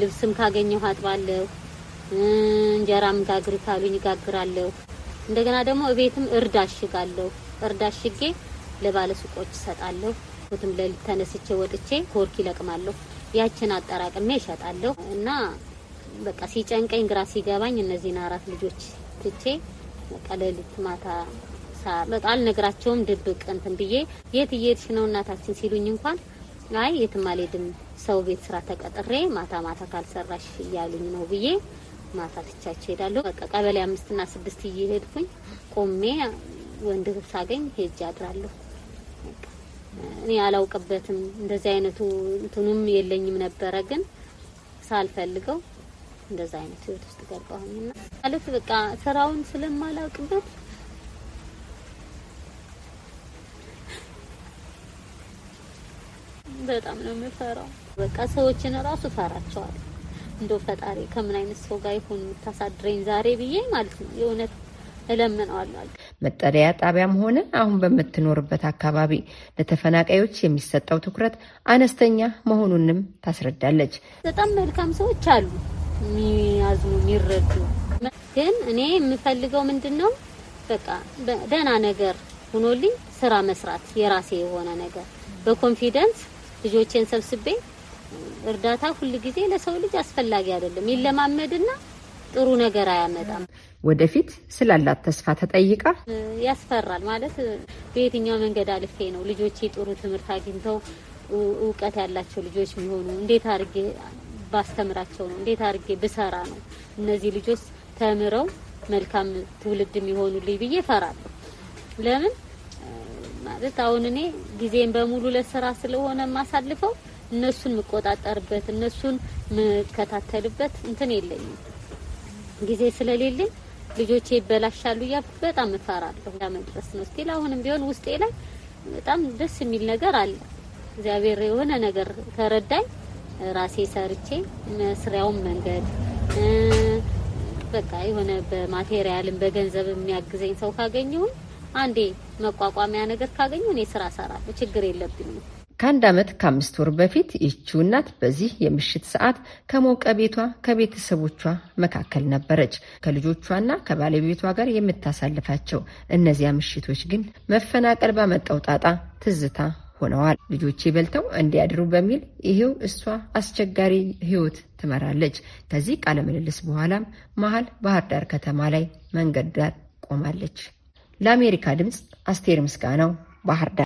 ልብስም ካገኘሁ አጥባለሁ፣ እንጀራም ጋግር ካሉኝ ጋግራለሁ። እንደገና ደግሞ እቤትም እርድ አሽጋለሁ። እርድ አሽጌ ለባለሱቆች እሰጣለሁ። ያለኩትን ለሊት ተነስቼ ወጥቼ ኮርክ ይለቅማለሁ። ያችን አጠራቅሜ እሸጣለሁ እና በቃ ሲጨንቀኝ ግራ ሲገባኝ እነዚህን አራት ልጆች ትቼ በቃ ለሊት ማታ በቃ አልነግራቸውም ድብቅ እንትን ብዬ የት እየሄድሽ ነው እናታችን ሲሉኝ እንኳን አይ የትም አልሄድም ሰው ቤት ስራ ተቀጥሬ ማታ ማታ ካልሰራሽ እያሉኝ ነው ብዬ ማታ ትቻቸው ሄዳለሁ። በቃ ቀበሌ አምስትና ስድስት እየሄድኩኝ ቆሜ ወንድ ሳገኝ ሄጅ አድራለሁ። እኔ አላውቅበትም። እንደዚህ አይነቱ እንትኑም የለኝም ነበረ፣ ግን ሳልፈልገው እንደዛ አይነት ህይወት ውስጥ ገባሁኝና ማለት በቃ ስራውን ስለማላውቅበት በጣም ነው የምፈራው። በቃ ሰዎችን እራሱ ፈራቸዋል። እንደው ፈጣሪ ከምን አይነት ሰው ጋር ይሁን የምታሳድረኝ ዛሬ ብዬ ማለት ነው የእውነት እለምነዋለሁ። መጠለያ ጣቢያም ሆነ አሁን በምትኖርበት አካባቢ ለተፈናቃዮች የሚሰጠው ትኩረት አነስተኛ መሆኑንም ታስረዳለች። በጣም መልካም ሰዎች አሉ የሚያዙ የሚረዱ። ግን እኔ የምፈልገው ምንድን ነው በቃ ደህና ነገር ሆኖልኝ ስራ መስራት የራሴ የሆነ ነገር በኮንፊደንስ ልጆቼን ሰብስቤ እርዳታ ጊዜ ለሰው ልጅ አስፈላጊ አይደለም ይለማመድና ጥሩ ነገር አያመጣም። ወደፊት ስላላት ተስፋ ተጠይቃ ያስፈራል ማለት በየትኛው መንገድ አልፌ ነው ልጆቼ ጥሩ ትምህርት አግኝተው እውቀት ያላቸው ልጆች የሚሆኑ እንዴት አድርጌ ባስተምራቸው ነው? እንዴት አድርጌ ብሰራ ነው እነዚህ ልጆች ተምረው መልካም ትውልድ የሚሆኑልኝ ብዬ እፈራለሁ። ለምን ማለት አሁን እኔ ጊዜን በሙሉ ለስራ ስለሆነ የማሳልፈው እነሱን የምቆጣጠርበት እነሱን የምከታተልበት እንትን የለኝም። ጊዜ ስለሌለኝ ልጆቼ ይበላሻሉ እያልኩ በጣም እፈራለሁ። ለመድረስ ነው ስቲል አሁንም ቢሆን ውስጤ ላይ በጣም ደስ የሚል ነገር አለ። እግዚአብሔር የሆነ ነገር ከረዳኝ ራሴ ሰርቼ መስሪያውን መንገድ በቃ የሆነ በማቴሪያልም በገንዘብ የሚያግዘኝ ሰው ካገኘው አንዴ መቋቋሚያ ነገር ካገኘሁ እኔ ስራ ሰራለሁ፣ ችግር የለብኝም። ከአንድ ዓመት ከአምስት ወር በፊት ይህቺው እናት በዚህ የምሽት ሰዓት ከሞቀ ቤቷ ከቤተሰቦቿ መካከል ነበረች። ከልጆቿና ከባለቤቷ ጋር የምታሳልፋቸው እነዚያ ምሽቶች ግን መፈናቀል ባመጣው ጣጣ ትዝታ ሆነዋል። ልጆቼ በልተው እንዲያድሩ በሚል ይሄው እሷ አስቸጋሪ ህይወት ትመራለች። ከዚህ ቃለ ምልልስ በኋላም መሀል ባህር ዳር ከተማ ላይ መንገድ ዳር ቆማለች። ለአሜሪካ ድምፅ አስቴር ምስጋናው ባህር ዳር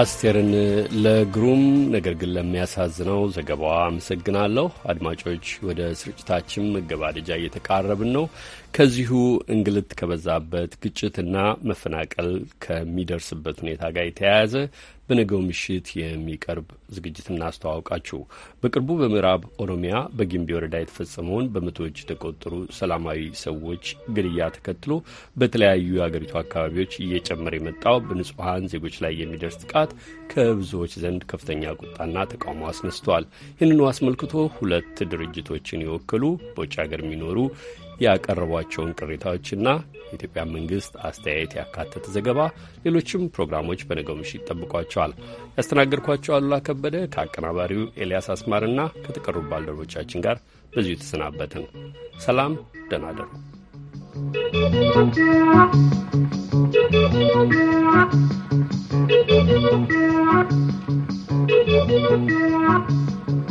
አስቴርን ለግሩም ነገር ግን ለሚያሳዝነው ዘገባዋ አመሰግናለሁ። አድማጮች ወደ ስርጭታችን መገባደጃ እየተቃረብን ነው። ከዚሁ እንግልት ከበዛበት ግጭትና መፈናቀል ከሚደርስበት ሁኔታ ጋር የተያያዘ በነገው ምሽት የሚቀርብ ዝግጅት እናስተዋውቃችሁ። በቅርቡ በምዕራብ ኦሮሚያ በጊምቢ ወረዳ የተፈጸመውን በመቶዎች የተቆጠሩ ሰላማዊ ሰዎች ግድያ ተከትሎ በተለያዩ የአገሪቱ አካባቢዎች እየጨመረ የመጣው በንጹሐን ዜጎች ላይ የሚደርስ ጥቃት ከብዙዎች ዘንድ ከፍተኛ ቁጣና ተቃውሞ አስነስተዋል። ይህንኑ አስመልክቶ ሁለት ድርጅቶችን የወከሉ በውጭ ሀገር የሚኖሩ ያቀረቧቸውን ቅሬታዎችና የኢትዮጵያ መንግስት አስተያየት ያካተተ ዘገባ፣ ሌሎችም ፕሮግራሞች በነገው ምሽት ይጠብቋቸዋል። ያስተናገድኳቸው አሉላ ከበደ ከአቀናባሪው ኤልያስ አስማርና ከተቀሩ ባልደረቦቻችን ጋር በዚሁ የተሰናበትን። ሰላም፣ ደህና እደሩ።